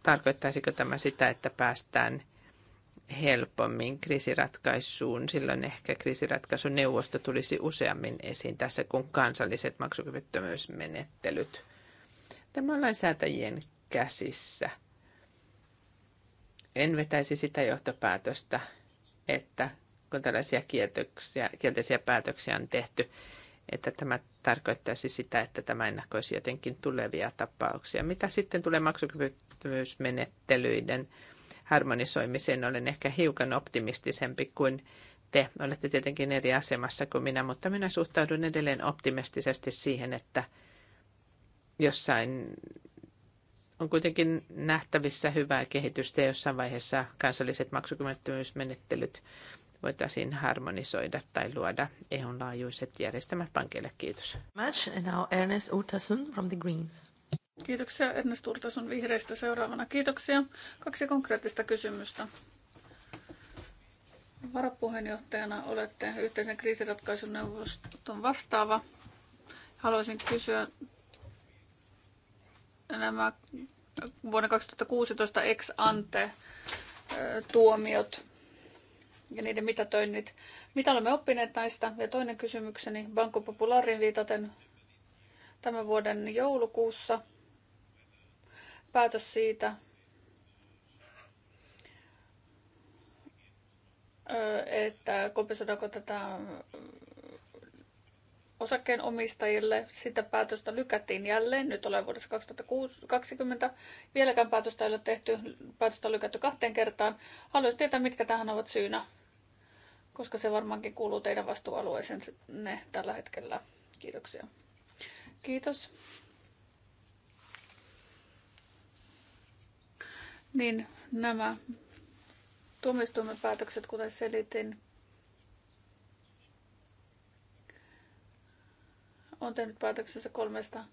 tarkoittaisiko tämä sitä, että päästään helpommin kriisiratkaisuun. Silloin ehkä kriisiratkaisuneuvosto tulisi useammin esiin tässä kuin kansalliset maksukyvyttömyysmenettelyt. Tämä on lainsäätäjien käsissä. En vetäisi sitä johtopäätöstä, että kun tällaisia kielteisiä päätöksiä on tehty, että tämä tarkoittaisi sitä, että tämä ennakoisi jotenkin tulevia tapauksia. Mitä sitten tulee maksukyvyttömyysmenettelyiden harmonisoimiseen, olen ehkä hiukan optimistisempi kuin te. Olette tietenkin eri asemassa kuin minä, mutta minä suhtaudun edelleen optimistisesti siihen, että jossain on kuitenkin nähtävissä hyvää kehitystä jossain vaiheessa kansalliset maksukyvyttömyysmenettelyt voitaisiin harmonisoida tai luoda EUn laajuiset järjestelmät pankeille. Kiitos. Much. And now Ernest Urtasun from the Greens. Kiitoksia Ernest Urtasun vihreistä seuraavana. Kiitoksia. Kaksi konkreettista kysymystä. Varapuheenjohtajana olette yhteisen neuvoston vastaava. Haluaisin kysyä nämä vuoden 2016 ex ante tuomiot ja niiden mitatoinnit. Mitä olemme oppineet näistä? Ja toinen kysymykseni Banco Popularin viitaten tämän vuoden joulukuussa päätös siitä, että kompensoidaanko tätä osakkeenomistajille. Sitä päätöstä lykättiin jälleen. Nyt olen vuodessa 2020. Vieläkään päätöstä ei ole tehty. Päätöstä on lykätty kahteen kertaan. Haluaisin tietää, mitkä tähän ovat syynä koska se varmaankin kuuluu teidän vastuualueeseenne tällä hetkellä. Kiitoksia. Kiitos. Niin nämä tuomioistuimen päätökset, kuten selitin, on tehnyt päätöksensä kolmesta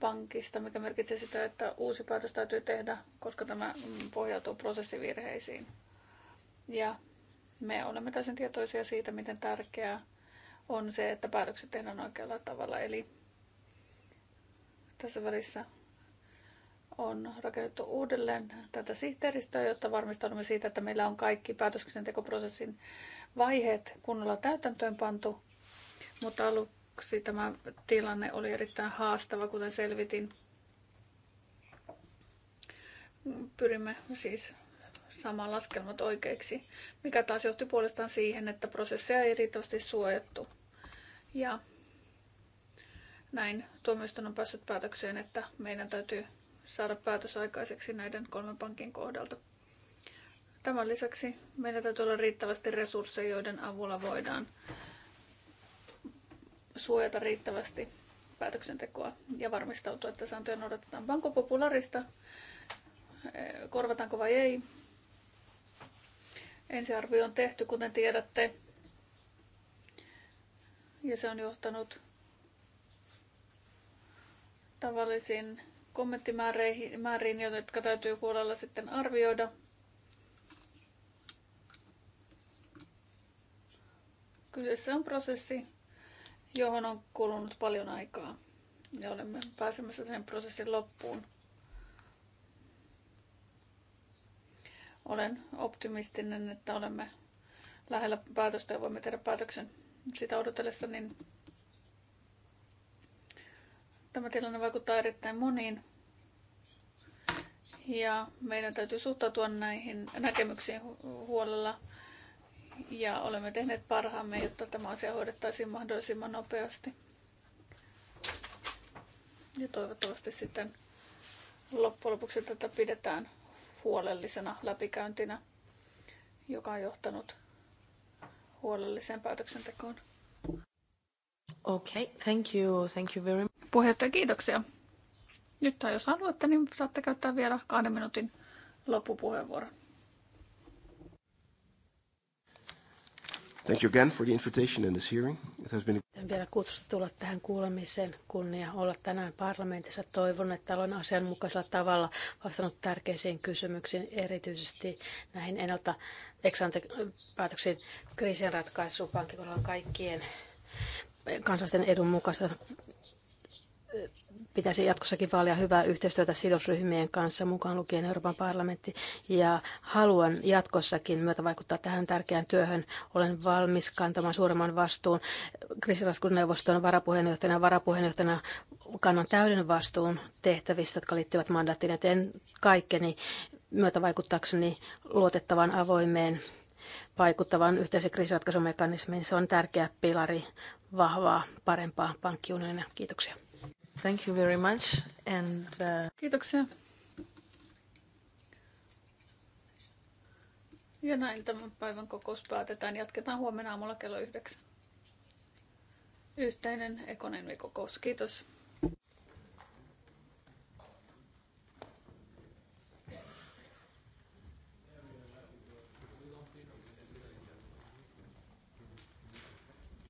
pankista, mikä merkitsee sitä, että uusi päätös täytyy tehdä, koska tämä pohjautuu prosessivirheisiin. Ja me olemme täysin tietoisia siitä, miten tärkeää on se, että päätökset tehdään oikealla tavalla. Eli tässä välissä on rakennettu uudelleen tätä sihteeristöä, jotta varmistamme siitä, että meillä on kaikki päätöksentekoprosessin vaiheet kunnolla täytäntöön pantu. Mutta aluksi tämä tilanne oli erittäin haastava, kuten selvitin. Pyrimme siis saamaan laskelmat oikeiksi, mikä taas johti puolestaan siihen, että prosesseja ei riittävästi suojattu. Ja näin tuomioistuin on päässyt päätökseen, että meidän täytyy saada päätös aikaiseksi näiden kolmen pankin kohdalta. Tämän lisäksi meillä täytyy olla riittävästi resursseja, joiden avulla voidaan suojata riittävästi päätöksentekoa ja varmistautua, että sääntöjä noudatetaan. Banko Popularista, eh, korvataanko vai ei, Ensiarvio on tehty, kuten tiedätte, ja se on johtanut tavallisiin kommenttimääriin, jotka täytyy huolella sitten arvioida. Kyseessä on prosessi, johon on kulunut paljon aikaa ja olemme pääsemässä sen prosessin loppuun. Olen optimistinen, että olemme lähellä päätöstä ja voimme tehdä päätöksen sitä odotellessa, niin tämä tilanne vaikuttaa erittäin moniin. Ja meidän täytyy suhtautua näihin näkemyksiin huolella. Ja olemme tehneet parhaamme, jotta tämä asia hoidettaisiin mahdollisimman nopeasti. Ja toivottavasti sitten loppujen lopuksi tätä pidetään huolellisena läpikäyntinä, joka on johtanut huolelliseen päätöksentekoon. Okay, thank you, thank you very much. Puheenjohtaja, kiitoksia. Nyt jos haluatte, niin saatte käyttää vielä kahden minuutin loppupuheenvuoron. Thank you again for the invitation and this hearing. It has been... En vielä kutsusta tulla tähän kuulemiseen. Kunnia olla tänään parlamentissa. Toivon, että olen asianmukaisella tavalla vastannut tärkeisiin kysymyksiin, erityisesti näihin ennalta eksante päätöksiin kriisinratkaisu pankkikohdalla kaikkien kansallisten edun mukaista pitäisi jatkossakin vaalia hyvää yhteistyötä sidosryhmien kanssa, mukaan lukien Euroopan parlamentti, ja haluan jatkossakin myötä vaikuttaa tähän tärkeään työhön. Olen valmis kantamaan suuremman vastuun kriisilaskuneuvoston varapuheenjohtajana varapuheenjohtajana kannan täyden vastuun tehtävistä, jotka liittyvät mandaattiin, ja teen kaikkeni myötä vaikuttaakseni luotettavan avoimeen vaikuttavan yhteisen kriisiratkaisumekanismin. Se on tärkeä pilari vahvaa, parempaa pankkiunionia. Kiitoksia. Thank you very much. And, uh... Kiitoksia. Ja näin tämän päivän kokous päätetään. Jatketaan huomenna aamulla kello yhdeksän. Yhteinen ekonomikokous. Kiitos.